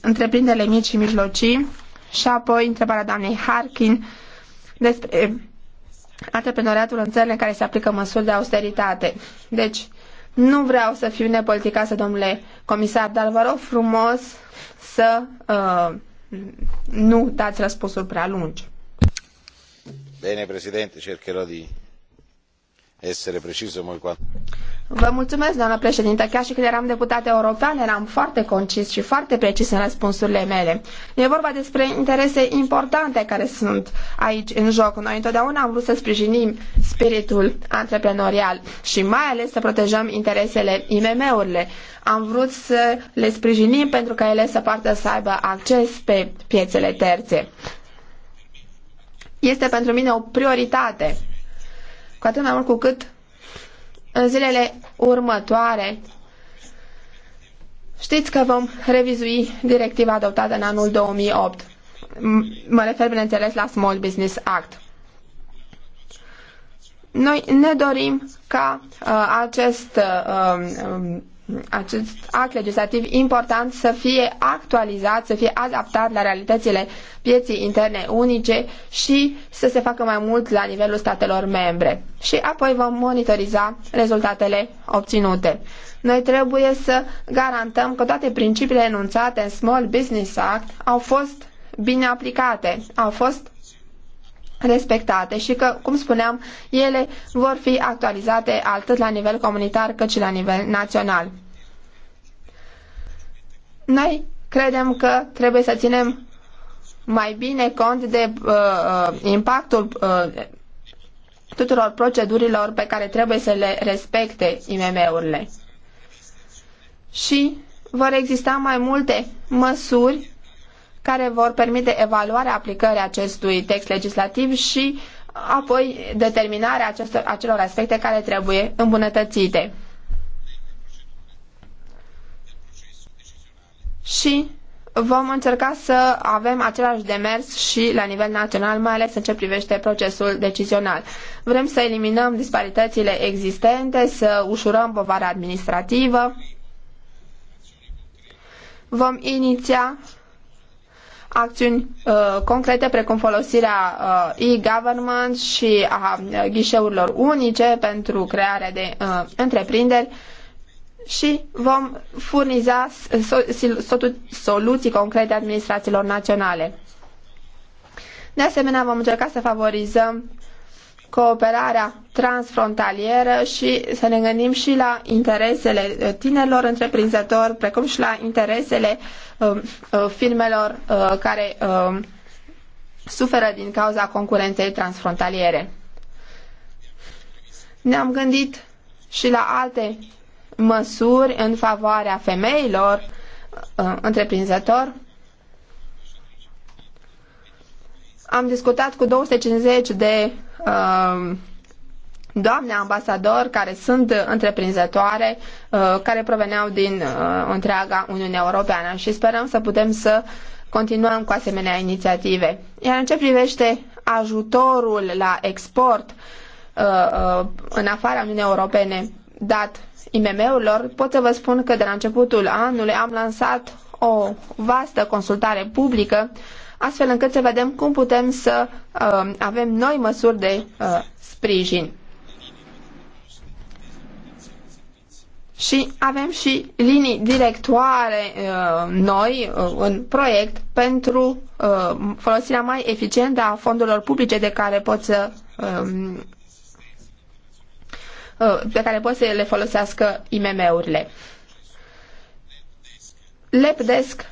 întreprinderile mici și mijlocii și apoi întrebarea doamnei Harkin despre antreprenoriatul în țările în care se aplică măsuri de austeritate. Deci, nu vreau să fiu nepoliticasă, domnule comisar, dar vă rog frumos să uh, nu dați răspunsuri prea lungi. Bine, președinte, cercherò di essere preciso mult quanto... Vă mulțumesc, doamnă președinte. Chiar și când eram deputat european, eram foarte concis și foarte precis în răspunsurile mele. E vorba despre interese importante care sunt aici în joc. Noi întotdeauna am vrut să sprijinim spiritul antreprenorial și mai ales să protejăm interesele IMM-urile. Am vrut să le sprijinim pentru ca ele să poată să aibă acces pe piețele terțe este pentru mine o prioritate. Cu atât mai mult cu cât în zilele următoare știți că vom revizui directiva adoptată în anul 2008. Mă refer, bineînțeles, la Small Business Act. Noi ne dorim ca uh, acest uh, um, acest act legislativ important să fie actualizat, să fie adaptat la realitățile pieții interne unice și să se facă mai mult la nivelul statelor membre. Și apoi vom monitoriza rezultatele obținute. Noi trebuie să garantăm că toate principiile enunțate în Small Business Act au fost bine aplicate, au fost respectate și că, cum spuneam, ele vor fi actualizate atât la nivel comunitar cât și la nivel național. Noi credem că trebuie să ținem mai bine cont de uh, uh impactul uh, tuturor procedurilor pe care trebuie să le respecte IMM-urile. Și vor exista mai multe măsuri care vor permite evaluarea aplicării acestui text legislativ și apoi determinarea acestor, acelor aspecte care trebuie îmbunătățite. Și vom încerca să avem același demers și la nivel național, mai ales în ce privește procesul decizional. Vrem să eliminăm disparitățile existente, să ușurăm povara administrativă. Vom iniția acțiuni uh, concrete precum folosirea uh, e-government și a uh, ghișeurilor unice pentru crearea de uh, întreprinderi și vom furniza soluții concrete administrațiilor naționale. De asemenea, vom încerca să favorizăm cooperarea transfrontalieră și să ne gândim și la interesele uh, tinerilor întreprinzători, precum și la interesele um, uh, firmelor uh, care um, suferă din cauza concurenței transfrontaliere. Ne-am gândit și la alte măsuri în favoarea femeilor întreprinzători Am discutat cu 250 de um, doamne ambasador care sunt întreprinzătoare, uh, care proveneau din uh, întreaga Uniune Europeană și sperăm să putem să continuăm cu asemenea inițiative. Iar în ce privește ajutorul la export uh, în afara Uniunii Europene dat IMM-urilor, pot să vă spun că de la începutul anului am lansat o vastă consultare publică astfel încât să vedem cum putem să uh, avem noi măsuri de uh, sprijin. Și avem și linii directoare uh, noi uh, în proiect pentru uh, folosirea mai eficientă a fondurilor publice de care pot să um, uh, pe care pot să le folosească IMM-urile. Lepdesc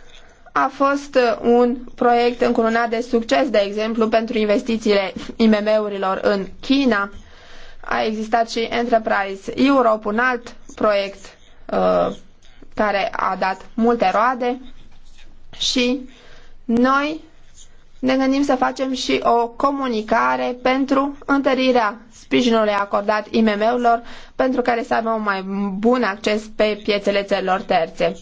a fost uh, un proiect încununat de succes, de exemplu, pentru investițiile IMM-urilor în China. A existat și Enterprise Europe, un alt proiect uh, care a dat multe roade și noi ne gândim să facem și o comunicare pentru întărirea sprijinului acordat IMM-urilor pentru care să aibă un mai bun acces pe piețele țărilor terțe.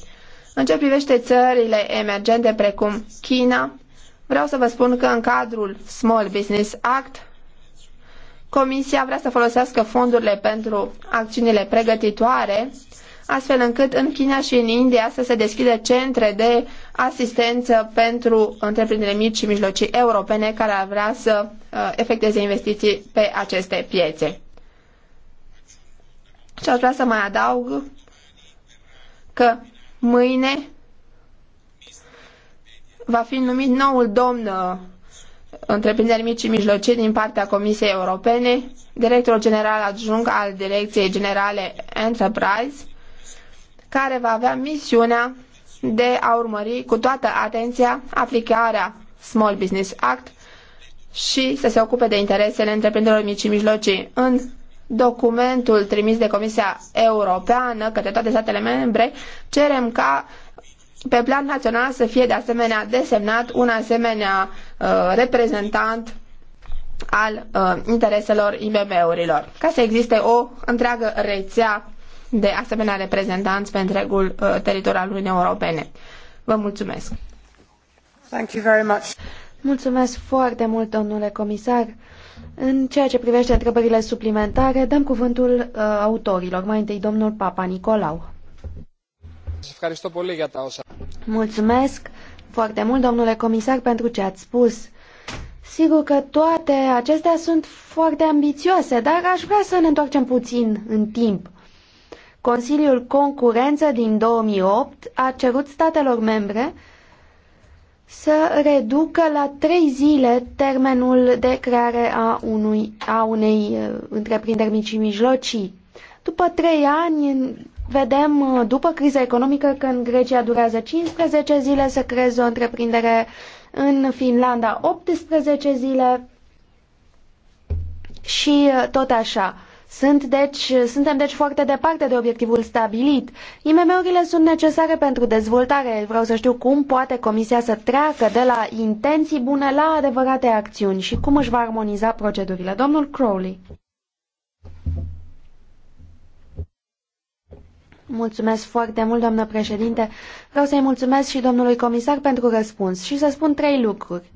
În ce privește țările emergente precum China, vreau să vă spun că în cadrul Small Business Act, Comisia vrea să folosească fondurile pentru acțiunile pregătitoare, astfel încât în China și în India să se deschidă centre de asistență pentru întreprinderile mici și mijlocii europene care ar vrea să uh, efecteze investiții pe aceste piețe. Și aș vrea să mai adaug că Mâine va fi numit noul domn uh, întreprinderi mici și mijlocii din partea Comisiei Europene, directorul general adjunct al Direcției Generale Enterprise, care va avea misiunea de a urmări cu toată atenția aplicarea Small Business Act și să se ocupe de interesele întreprinderilor mici și mijlocii în documentul trimis de Comisia Europeană către toate statele membre, cerem ca pe plan național să fie de asemenea desemnat un asemenea uh, reprezentant al uh, intereselor IMM-urilor, ca să existe o întreagă rețea de asemenea reprezentanți pe întregul uh, teritoriu al Uniunii Europene. Vă mulțumesc! Thank you very much. Mulțumesc foarte mult, domnule comisar! În ceea ce privește întrebările suplimentare, dăm cuvântul uh, autorilor. Mai întâi, domnul Papa Nicolau. Mulțumesc foarte mult, domnule comisar, pentru ce ați spus. Sigur că toate acestea sunt foarte ambițioase, dar aș vrea să ne întoarcem puțin în timp. Consiliul Concurență din 2008 a cerut statelor membre să reducă la trei zile termenul de creare a, unui, a unei uh, întreprinderi mici și mijlocii. După trei ani, vedem uh, după criza economică că în Grecia durează 15 zile să creeze o întreprindere, în Finlanda 18 zile și uh, tot așa. Sunt deci, suntem deci foarte departe de obiectivul stabilit. IMM-urile sunt necesare pentru dezvoltare. Vreau să știu cum poate Comisia să treacă de la intenții bune la adevărate acțiuni și cum își va armoniza procedurile. Domnul Crowley. Mulțumesc foarte mult, doamnă președinte. Vreau să-i mulțumesc și domnului comisar pentru răspuns și să spun trei lucruri.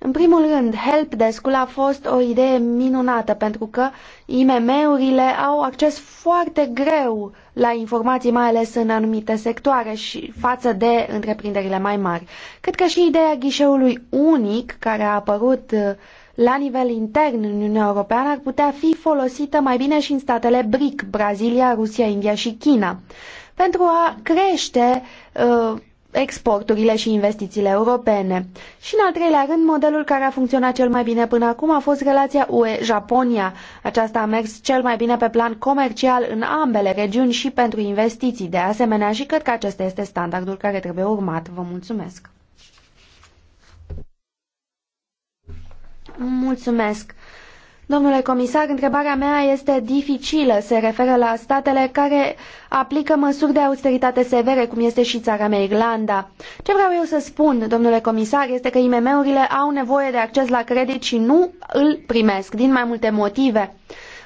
În primul rând, Help ul a fost o idee minunată pentru că IMM-urile au acces foarte greu la informații, mai ales în anumite sectoare și față de întreprinderile mai mari. Cred că și ideea ghișeului unic care a apărut uh, la nivel intern în Uniunea Europeană ar putea fi folosită mai bine și în statele BRIC, Brazilia, Rusia, India și China pentru a crește uh, exporturile și investițiile europene. Și în al treilea rând, modelul care a funcționat cel mai bine până acum a fost relația UE-Japonia. Aceasta a mers cel mai bine pe plan comercial în ambele regiuni și pentru investiții de asemenea și cred că acesta este standardul care trebuie urmat. Vă mulțumesc! Mulțumesc! Domnule comisar, întrebarea mea este dificilă. Se referă la statele care aplică măsuri de austeritate severe, cum este și țara mea, Irlanda. Ce vreau eu să spun, domnule comisar, este că IMM-urile au nevoie de acces la credit și nu îl primesc, din mai multe motive.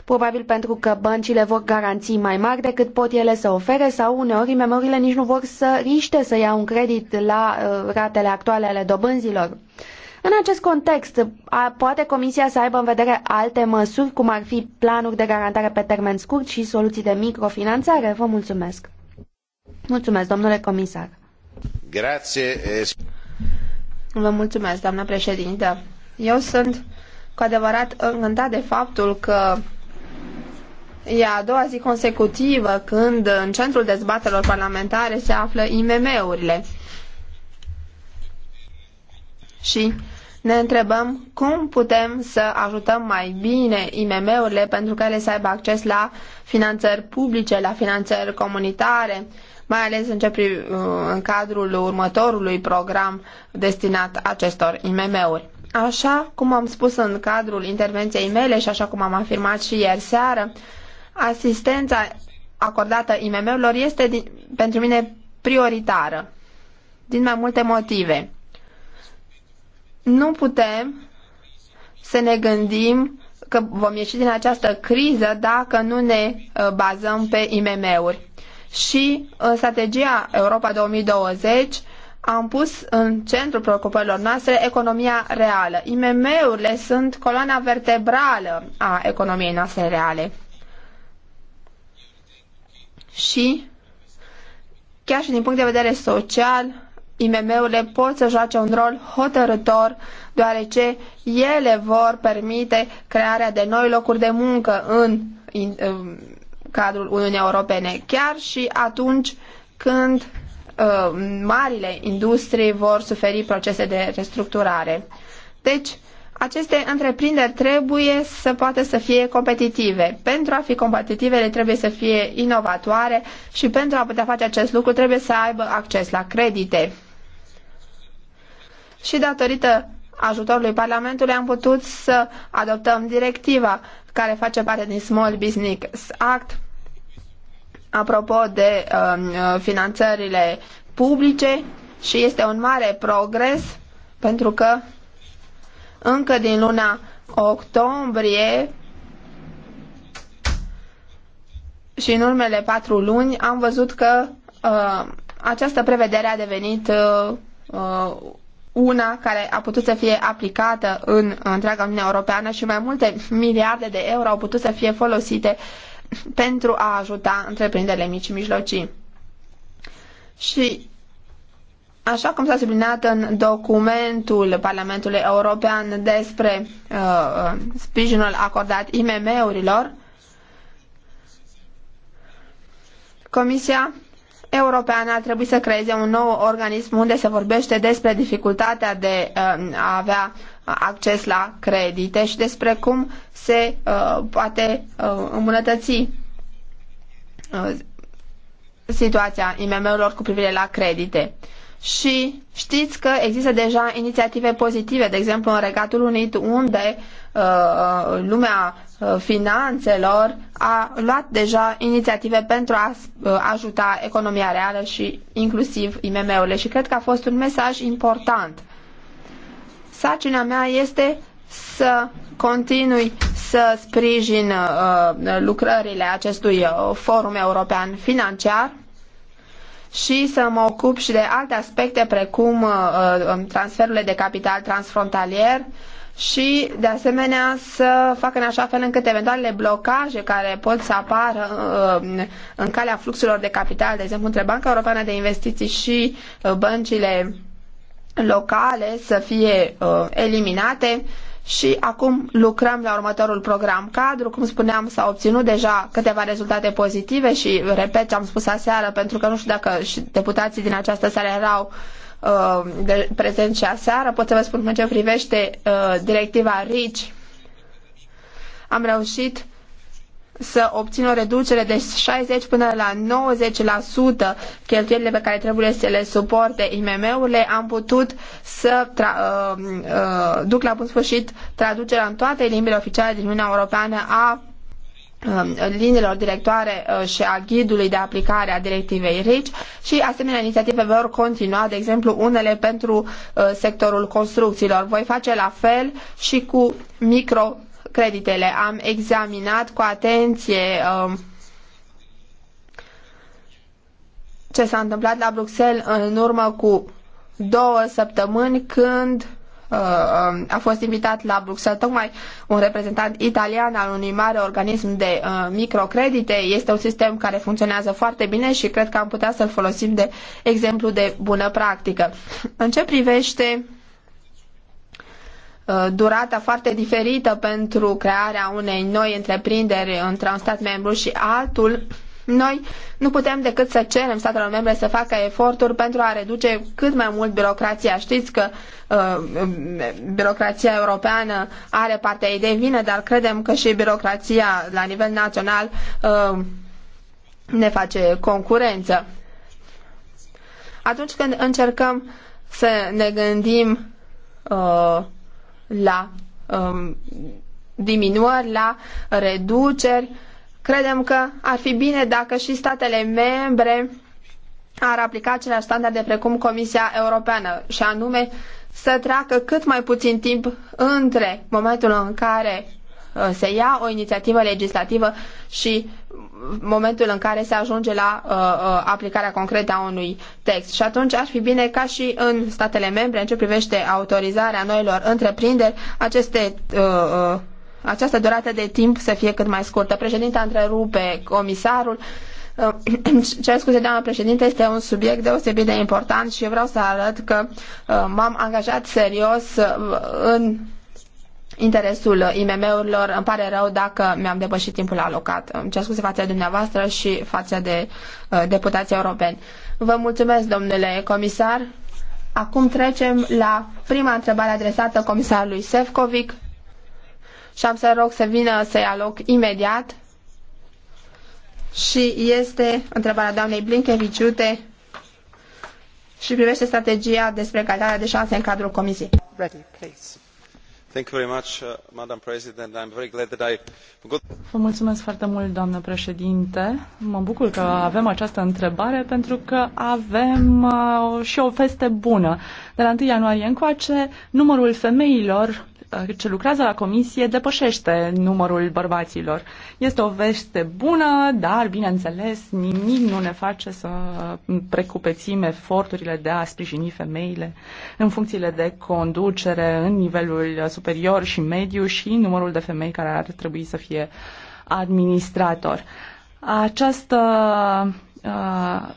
Probabil pentru că băncile vor garanții mai mari decât pot ele să ofere sau uneori IMM-urile nici nu vor să riște să ia un credit la uh, ratele actuale ale dobânzilor. În acest context, poate Comisia să aibă în vedere alte măsuri, cum ar fi planuri de garantare pe termen scurt și soluții de microfinanțare? Vă mulțumesc! Mulțumesc, domnule comisar! Grazie. Vă mulțumesc, doamnă președintă! Eu sunt cu adevărat încântat de faptul că E a doua zi consecutivă când în centrul dezbatelor parlamentare se află IMM-urile. Și ne întrebăm cum putem să ajutăm mai bine IMM-urile pentru că ele să aibă acces la finanțări publice, la finanțări comunitare, mai ales în, ce pri- uh, în cadrul următorului program destinat acestor IMM-uri. Așa cum am spus în cadrul intervenției mele și așa cum am afirmat și ieri seară, asistența acordată IMM-urilor este din, pentru mine prioritară, din mai multe motive. Nu putem să ne gândim că vom ieși din această criză dacă nu ne uh, bazăm pe IMM-uri. Și în strategia Europa 2020 am pus în centrul preocupărilor noastre economia reală. IMM-urile sunt coloana vertebrală a economiei noastre reale. Și chiar și din punct de vedere social, IMM-urile pot să joace un rol hotărător, deoarece ele vor permite crearea de noi locuri de muncă în, în, în cadrul Uniunii Europene, chiar și atunci când uh, marile industrii vor suferi procese de restructurare. Deci, aceste întreprinderi trebuie să poată să fie competitive. Pentru a fi competitive, ele trebuie să fie inovatoare și pentru a putea face acest lucru trebuie să aibă acces la credite și datorită ajutorului Parlamentului am putut să adoptăm directiva care face parte din Small Business Act apropo de um, finanțările publice și este un mare progres pentru că încă din luna octombrie și în urmele patru luni am văzut că uh, această prevedere a devenit uh, uh, una care a putut să fie aplicată în întreaga Uniune Europeană și mai multe miliarde de euro au putut să fie folosite pentru a ajuta întreprinderile mici și mijlocii. Și Așa cum s-a subliniat în documentul Parlamentului European despre uh, uh sprijinul acordat IMM-urilor, Comisia Europeană ar trebui să creeze un nou organism unde se vorbește despre dificultatea de uh, a avea acces la credite și despre cum se uh, poate uh, îmbunătăți situația IMM-urilor cu privire la credite. Și știți că există deja inițiative pozitive, de exemplu în Regatul Unit, unde uh, uh lumea uh, finanțelor a luat deja inițiative pentru a uh, ajuta economia reală și inclusiv IMM-urile și cred că a fost un mesaj important. Sarcina mea este să continui să sprijin uh, lucrările acestui uh, forum european financiar și să mă ocup și de alte aspecte precum uh, uh, transferurile de capital transfrontalier și de asemenea să fac în așa fel încât eventualele blocaje care pot să apară uh, în calea fluxurilor de capital, de exemplu între Banca Europeană de Investiții și băncile locale să fie eliminate și acum lucrăm la următorul program cadru. Cum spuneam, s-au obținut deja câteva rezultate pozitive și, repet, ce am spus aseară, pentru că nu știu dacă și deputații din această sală erau uh, de, prezenți și aseară, pot să vă spun în ce privește uh, directiva RICI. Am reușit să obțină o reducere de 60 până la 90% cheltuielile pe care trebuie să le suporte IMM-urile, am putut să uh, uh, duc la bun sfârșit traducerea în toate limbile oficiale din Uniunea Europeană a um, liniilor directoare uh, și a ghidului de aplicare a directivei RICI și asemenea inițiative vor continua, de exemplu unele pentru uh, sectorul construcțiilor. Voi face la fel și cu micro creditele. Am examinat cu atenție um, ce s-a întâmplat la Bruxelles în urmă cu două săptămâni când uh, um, a fost invitat la Bruxelles tocmai un reprezentant italian al unui mare organism de uh, microcredite. Este un sistem care funcționează foarte bine și cred că am putea să-l folosim de exemplu de bună practică. În ce privește uh, Uh, durata foarte diferită pentru crearea unei noi întreprinderi între un stat membru și altul, noi nu putem decât să cerem statelor membre să facă eforturi pentru a reduce cât mai mult birocrația. Știți că uh, birocrația europeană are partea ei de vină, dar credem că și birocrația la nivel național uh, ne face concurență. Atunci când încercăm să ne gândim uh, la um, diminuări, la reduceri. Credem că ar fi bine dacă și statele membre ar aplica aceleași standarde precum Comisia Europeană și anume să treacă cât mai puțin timp între momentul în care uh, se ia o inițiativă legislativă și momentul în care se ajunge la uh, uh, aplicarea concretă a unui text. Și atunci ar fi bine ca și în statele membre, în ce privește autorizarea noilor întreprinderi, aceste, uh, uh această durată de timp să fie cât mai scurtă. Președinta întrerupe comisarul. Uh, cer scuze, doamnă președinte, este un subiect deosebit de important și eu vreau să arăt că uh, m-am angajat serios în interesul IMM-urilor. Îmi pare rău dacă mi-am depășit timpul alocat. Îmi cer scuze față de dumneavoastră și față de uh, deputații europeni. Vă mulțumesc, domnule comisar. Acum trecem la prima întrebare adresată comisarului Sefcovic și am să rog să vină să ia loc imediat. Și este întrebarea doamnei Blinkeviciute și privește strategia despre calitatea de șanse în cadrul comisiei. Ready, please mulțumesc foarte mult, doamnă președinte. Mă bucur că avem această întrebare pentru că avem uh, și o veste bună. De la 1 ianuarie încoace, numărul femeilor ce lucrează la comisie depășește numărul bărbaților. Este o veste bună, dar, bineînțeles, nimic nu ne face să precupețim eforturile de a sprijini femeile în funcțiile de conducere în nivelul superior și mediu și numărul de femei care ar trebui să fie administrator. Această uh,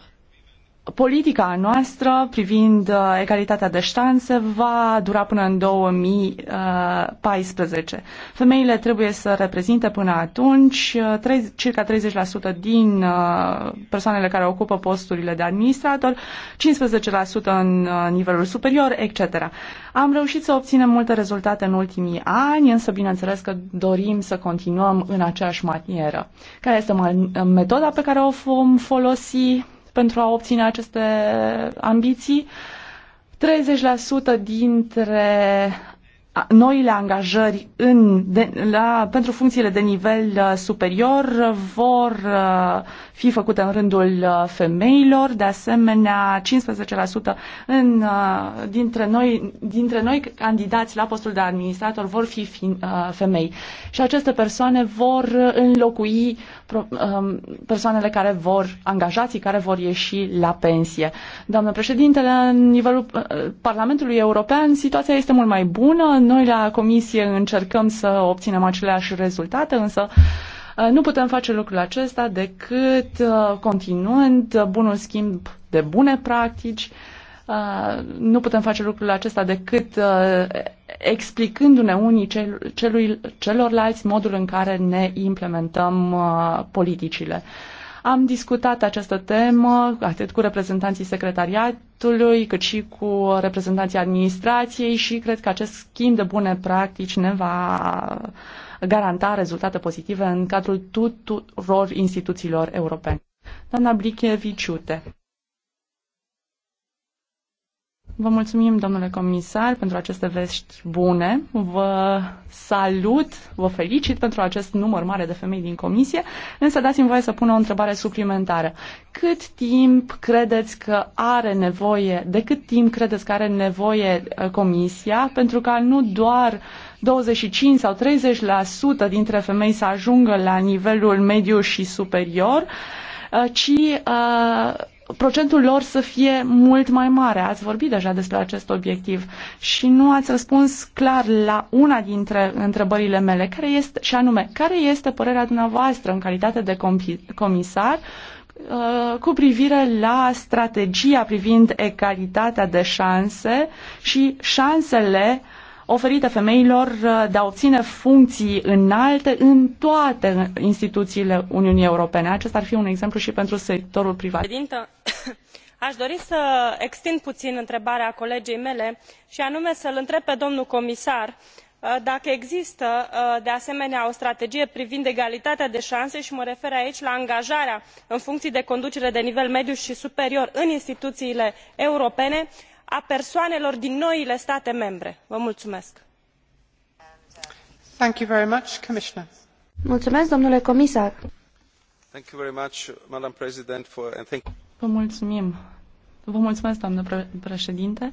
politica noastră privind uh, egalitatea de șanse va dura până în 2014. Uh, Femeile trebuie să reprezinte până atunci 30, uh, circa 30% din persoanele care ocupă posturile de administrator, 15% în nivelul superior, etc. Am reușit să obținem multe rezultate în ultimii ani, însă bineînțeles că dorim să continuăm în aceeași manieră. Care este metoda pe care o vom folosi? pentru a obține aceste ambiții. 30% dintre noile angajări în, de, la, pentru funcțiile de nivel uh, superior vor uh, fi făcute în rândul uh, femeilor, de asemenea 15% în, dintre, noi, dintre noi candidați la postul de administrator vor fi, fi femei și aceste persoane vor înlocui Um, persoanele care vor, angajații care vor ieși la pensie. Doamnă președinte, la nivelul uh, Parlamentului European situația este mult mai bună. Noi la Comisie încercăm să obținem aceleași rezultate, însă uh, nu putem face lucrul acesta decât uh, continuând bunul schimb de bune practici, Uh, nu putem face lucrul acesta decât uh, explicându-ne unii cel, celui, celorlalți modul în care ne implementăm uh, politicile. Am discutat această temă atât cu reprezentanții secretariatului, cât și cu reprezentanții administrației și cred că acest schimb de bune practici ne va garanta rezultate pozitive în cadrul tuturor instituțiilor europene. Doamna Bliche Viciute. Vă mulțumim, domnule comisar, pentru aceste vești bune. Vă salut, vă felicit pentru acest număr mare de femei din comisie, însă dați-mi voie să pun o întrebare suplimentară. Cât timp credeți că are nevoie, de cât timp credeți că are nevoie uh, comisia pentru ca nu doar 25 sau 30% dintre femei să ajungă la nivelul mediu și superior, uh, ci uh, procentul lor să fie mult mai mare. Ați vorbit deja despre acest obiectiv și nu ați răspuns clar la una dintre întrebările mele, care este, și anume, care este părerea dumneavoastră în calitate de comisar uh, cu privire la strategia privind egalitatea de șanse și șansele uh, oferite femeilor uh, de a obține funcții înalte în toate instituțiile Uniunii Europene. Acesta ar fi un exemplu și pentru sectorul privat. Președintă, aș dori să extind puțin întrebarea colegei mele și anume să-l întreb pe domnul comisar uh, dacă există uh, de asemenea o strategie privind egalitatea de șanse și mă refer aici la angajarea în funcții de conducere de nivel mediu și superior în instituțiile europene a a persoanelor din noile state membre. Vă mulțumesc. Mulțumesc, domnule comisar. Vă mulțumesc, doamnă președinte.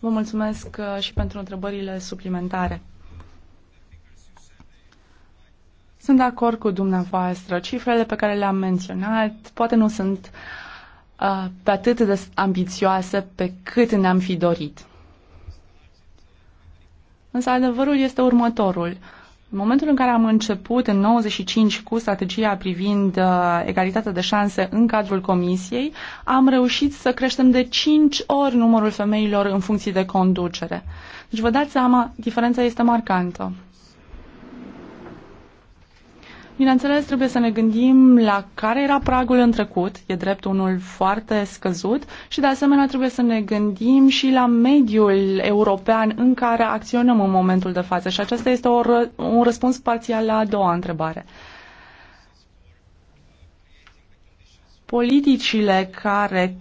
Vă mulțumesc uh, și pentru întrebările suplimentare. Sunt de acord cu dumneavoastră. Cifrele pe care le-am menționat poate nu sunt uh, Uh, pe atât de ambițioasă pe cât ne-am fi dorit. Însă adevărul este următorul. În momentul în care am început în 95 cu strategia privind uh, egalitatea de șanse în cadrul comisiei, am reușit să creștem de 5 ori numărul femeilor în funcții de conducere. Deci vă dați seama, diferența este marcantă. Bineînțeles, trebuie să ne gândim la care era pragul în trecut, e drept unul foarte scăzut și de asemenea trebuie să ne gândim și la mediul european în care acționăm în momentul de față și acesta este o, un răspuns parțial la a doua întrebare. Politicile care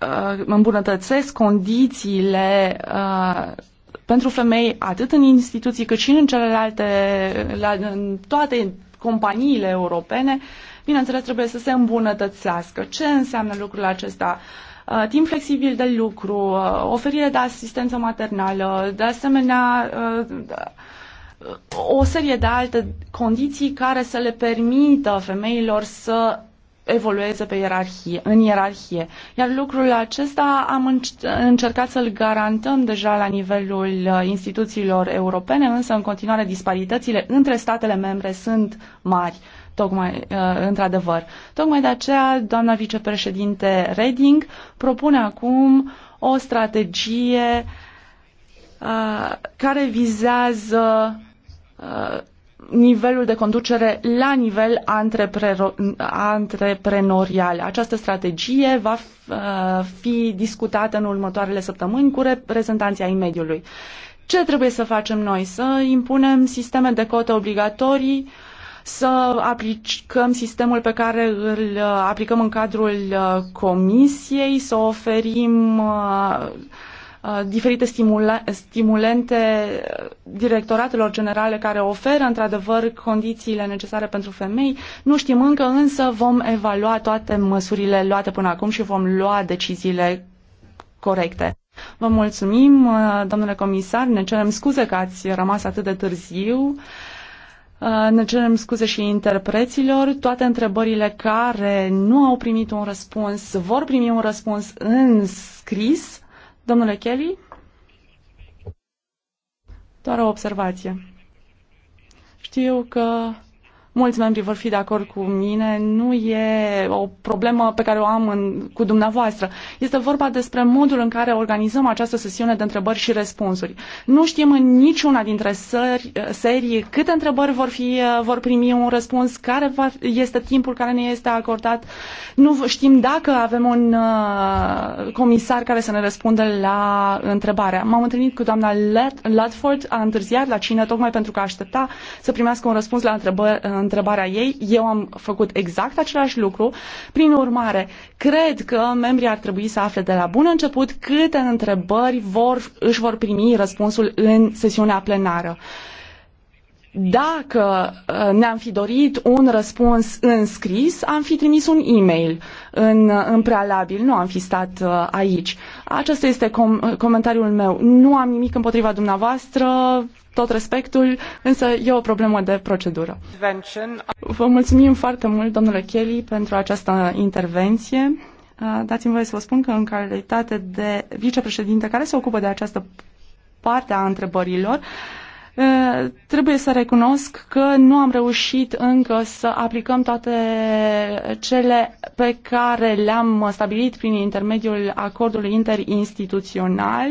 uh, îmbunătățesc condițiile uh, pentru femei atât în instituții cât și în celelalte, la, în toate companiile europene, bineînțeles trebuie să se îmbunătățească. Ce înseamnă lucrul acesta? Uh, timp flexibil de lucru, uh, oferire de asistență maternală, de asemenea uh, o serie de alte condiții care să le permită femeilor să evolueze pe ierarhie, în ierarhie. Iar lucrul acesta am încercat să-l garantăm deja la nivelul uh, instituțiilor europene, însă în continuare disparitățile între statele membre sunt mari tocmai, uh, într-adevăr. Tocmai de aceea, doamna vicepreședinte Reding propune acum o strategie uh, care vizează uh, nivelul de conducere la nivel antreprenorial. Această strategie va uh, fi discutată în următoarele săptămâni cu reprezentanții ai mediului. Ce trebuie să facem noi? Să impunem sisteme de cote obligatorii, să aplicăm sistemul pe care îl uh, aplicăm în cadrul uh, comisiei, să oferim Uh, diferite stimula- stimulente directoratelor generale care oferă într-adevăr condițiile necesare pentru femei. Nu știm încă, însă vom evalua toate măsurile luate până acum și vom lua deciziile corecte. Vă mulțumim, uh, domnule comisar, ne cerem scuze că ați rămas atât de târziu. Uh, ne cerem scuze și interpreților. Toate întrebările care nu au primit un răspuns vor primi un răspuns în scris Domnule Kelly, doar o observație. Știu că mulți membri vor fi de acord cu mine, nu e o problemă pe care o am în, cu dumneavoastră. Este vorba despre modul în care organizăm această sesiune de întrebări și răspunsuri. Nu știm în niciuna dintre sări, serii câte întrebări vor, fi, vor primi un răspuns, care va, este timpul care ne este acordat. Nu știm dacă avem un uh, comisar care să ne răspundă la întrebarea. M-am întâlnit cu doamna Ludford, a întârziat la cine, tocmai pentru că aștepta să primească un răspuns la întrebări uh, întrebarea ei. Eu am făcut exact același lucru. Prin urmare, cred că membrii ar trebui să afle de la bun început câte întrebări vor, își vor primi răspunsul în sesiunea plenară. Dacă uh, ne-am fi dorit un răspuns în scris, am fi trimis un e-mail în, uh, în prealabil, nu am fi stat uh, aici. Acesta este com- comentariul meu. Nu am nimic împotriva dumneavoastră, tot respectul, însă e o problemă de procedură. Vă mulțumim foarte mult, domnule Kelly, pentru această intervenție. Uh, dați-mi voie să vă spun că în calitate de vicepreședinte care se ocupă de această parte a întrebărilor, uh, Trebuie să recunosc că nu am reușit încă să aplicăm toate cele pe care le-am stabilit prin intermediul acordului interinstituțional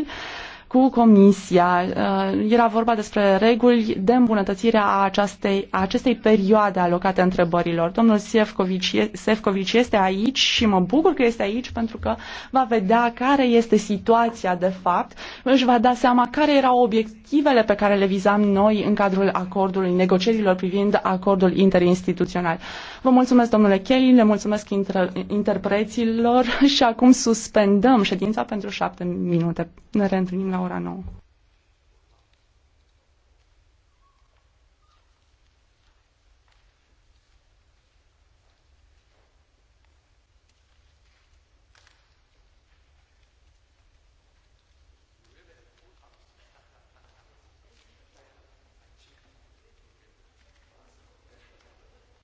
cu Comisia. Uh, era vorba despre reguli de îmbunătățire a acestei, a acestei perioade alocate întrebărilor. Domnul Sefcovici, Sefcovici este aici și mă bucur că este aici pentru că va vedea care este situația de fapt, își va da seama care erau obiectivele pe care le vizam noi în cadrul acordului, negocierilor privind acordul interinstituțional. Vă mulțumesc, domnule Kelly, le mulțumesc inter- interpreților și acum suspendăm ședința pentru șapte minute. Ne reîntâlnim la la ora 9.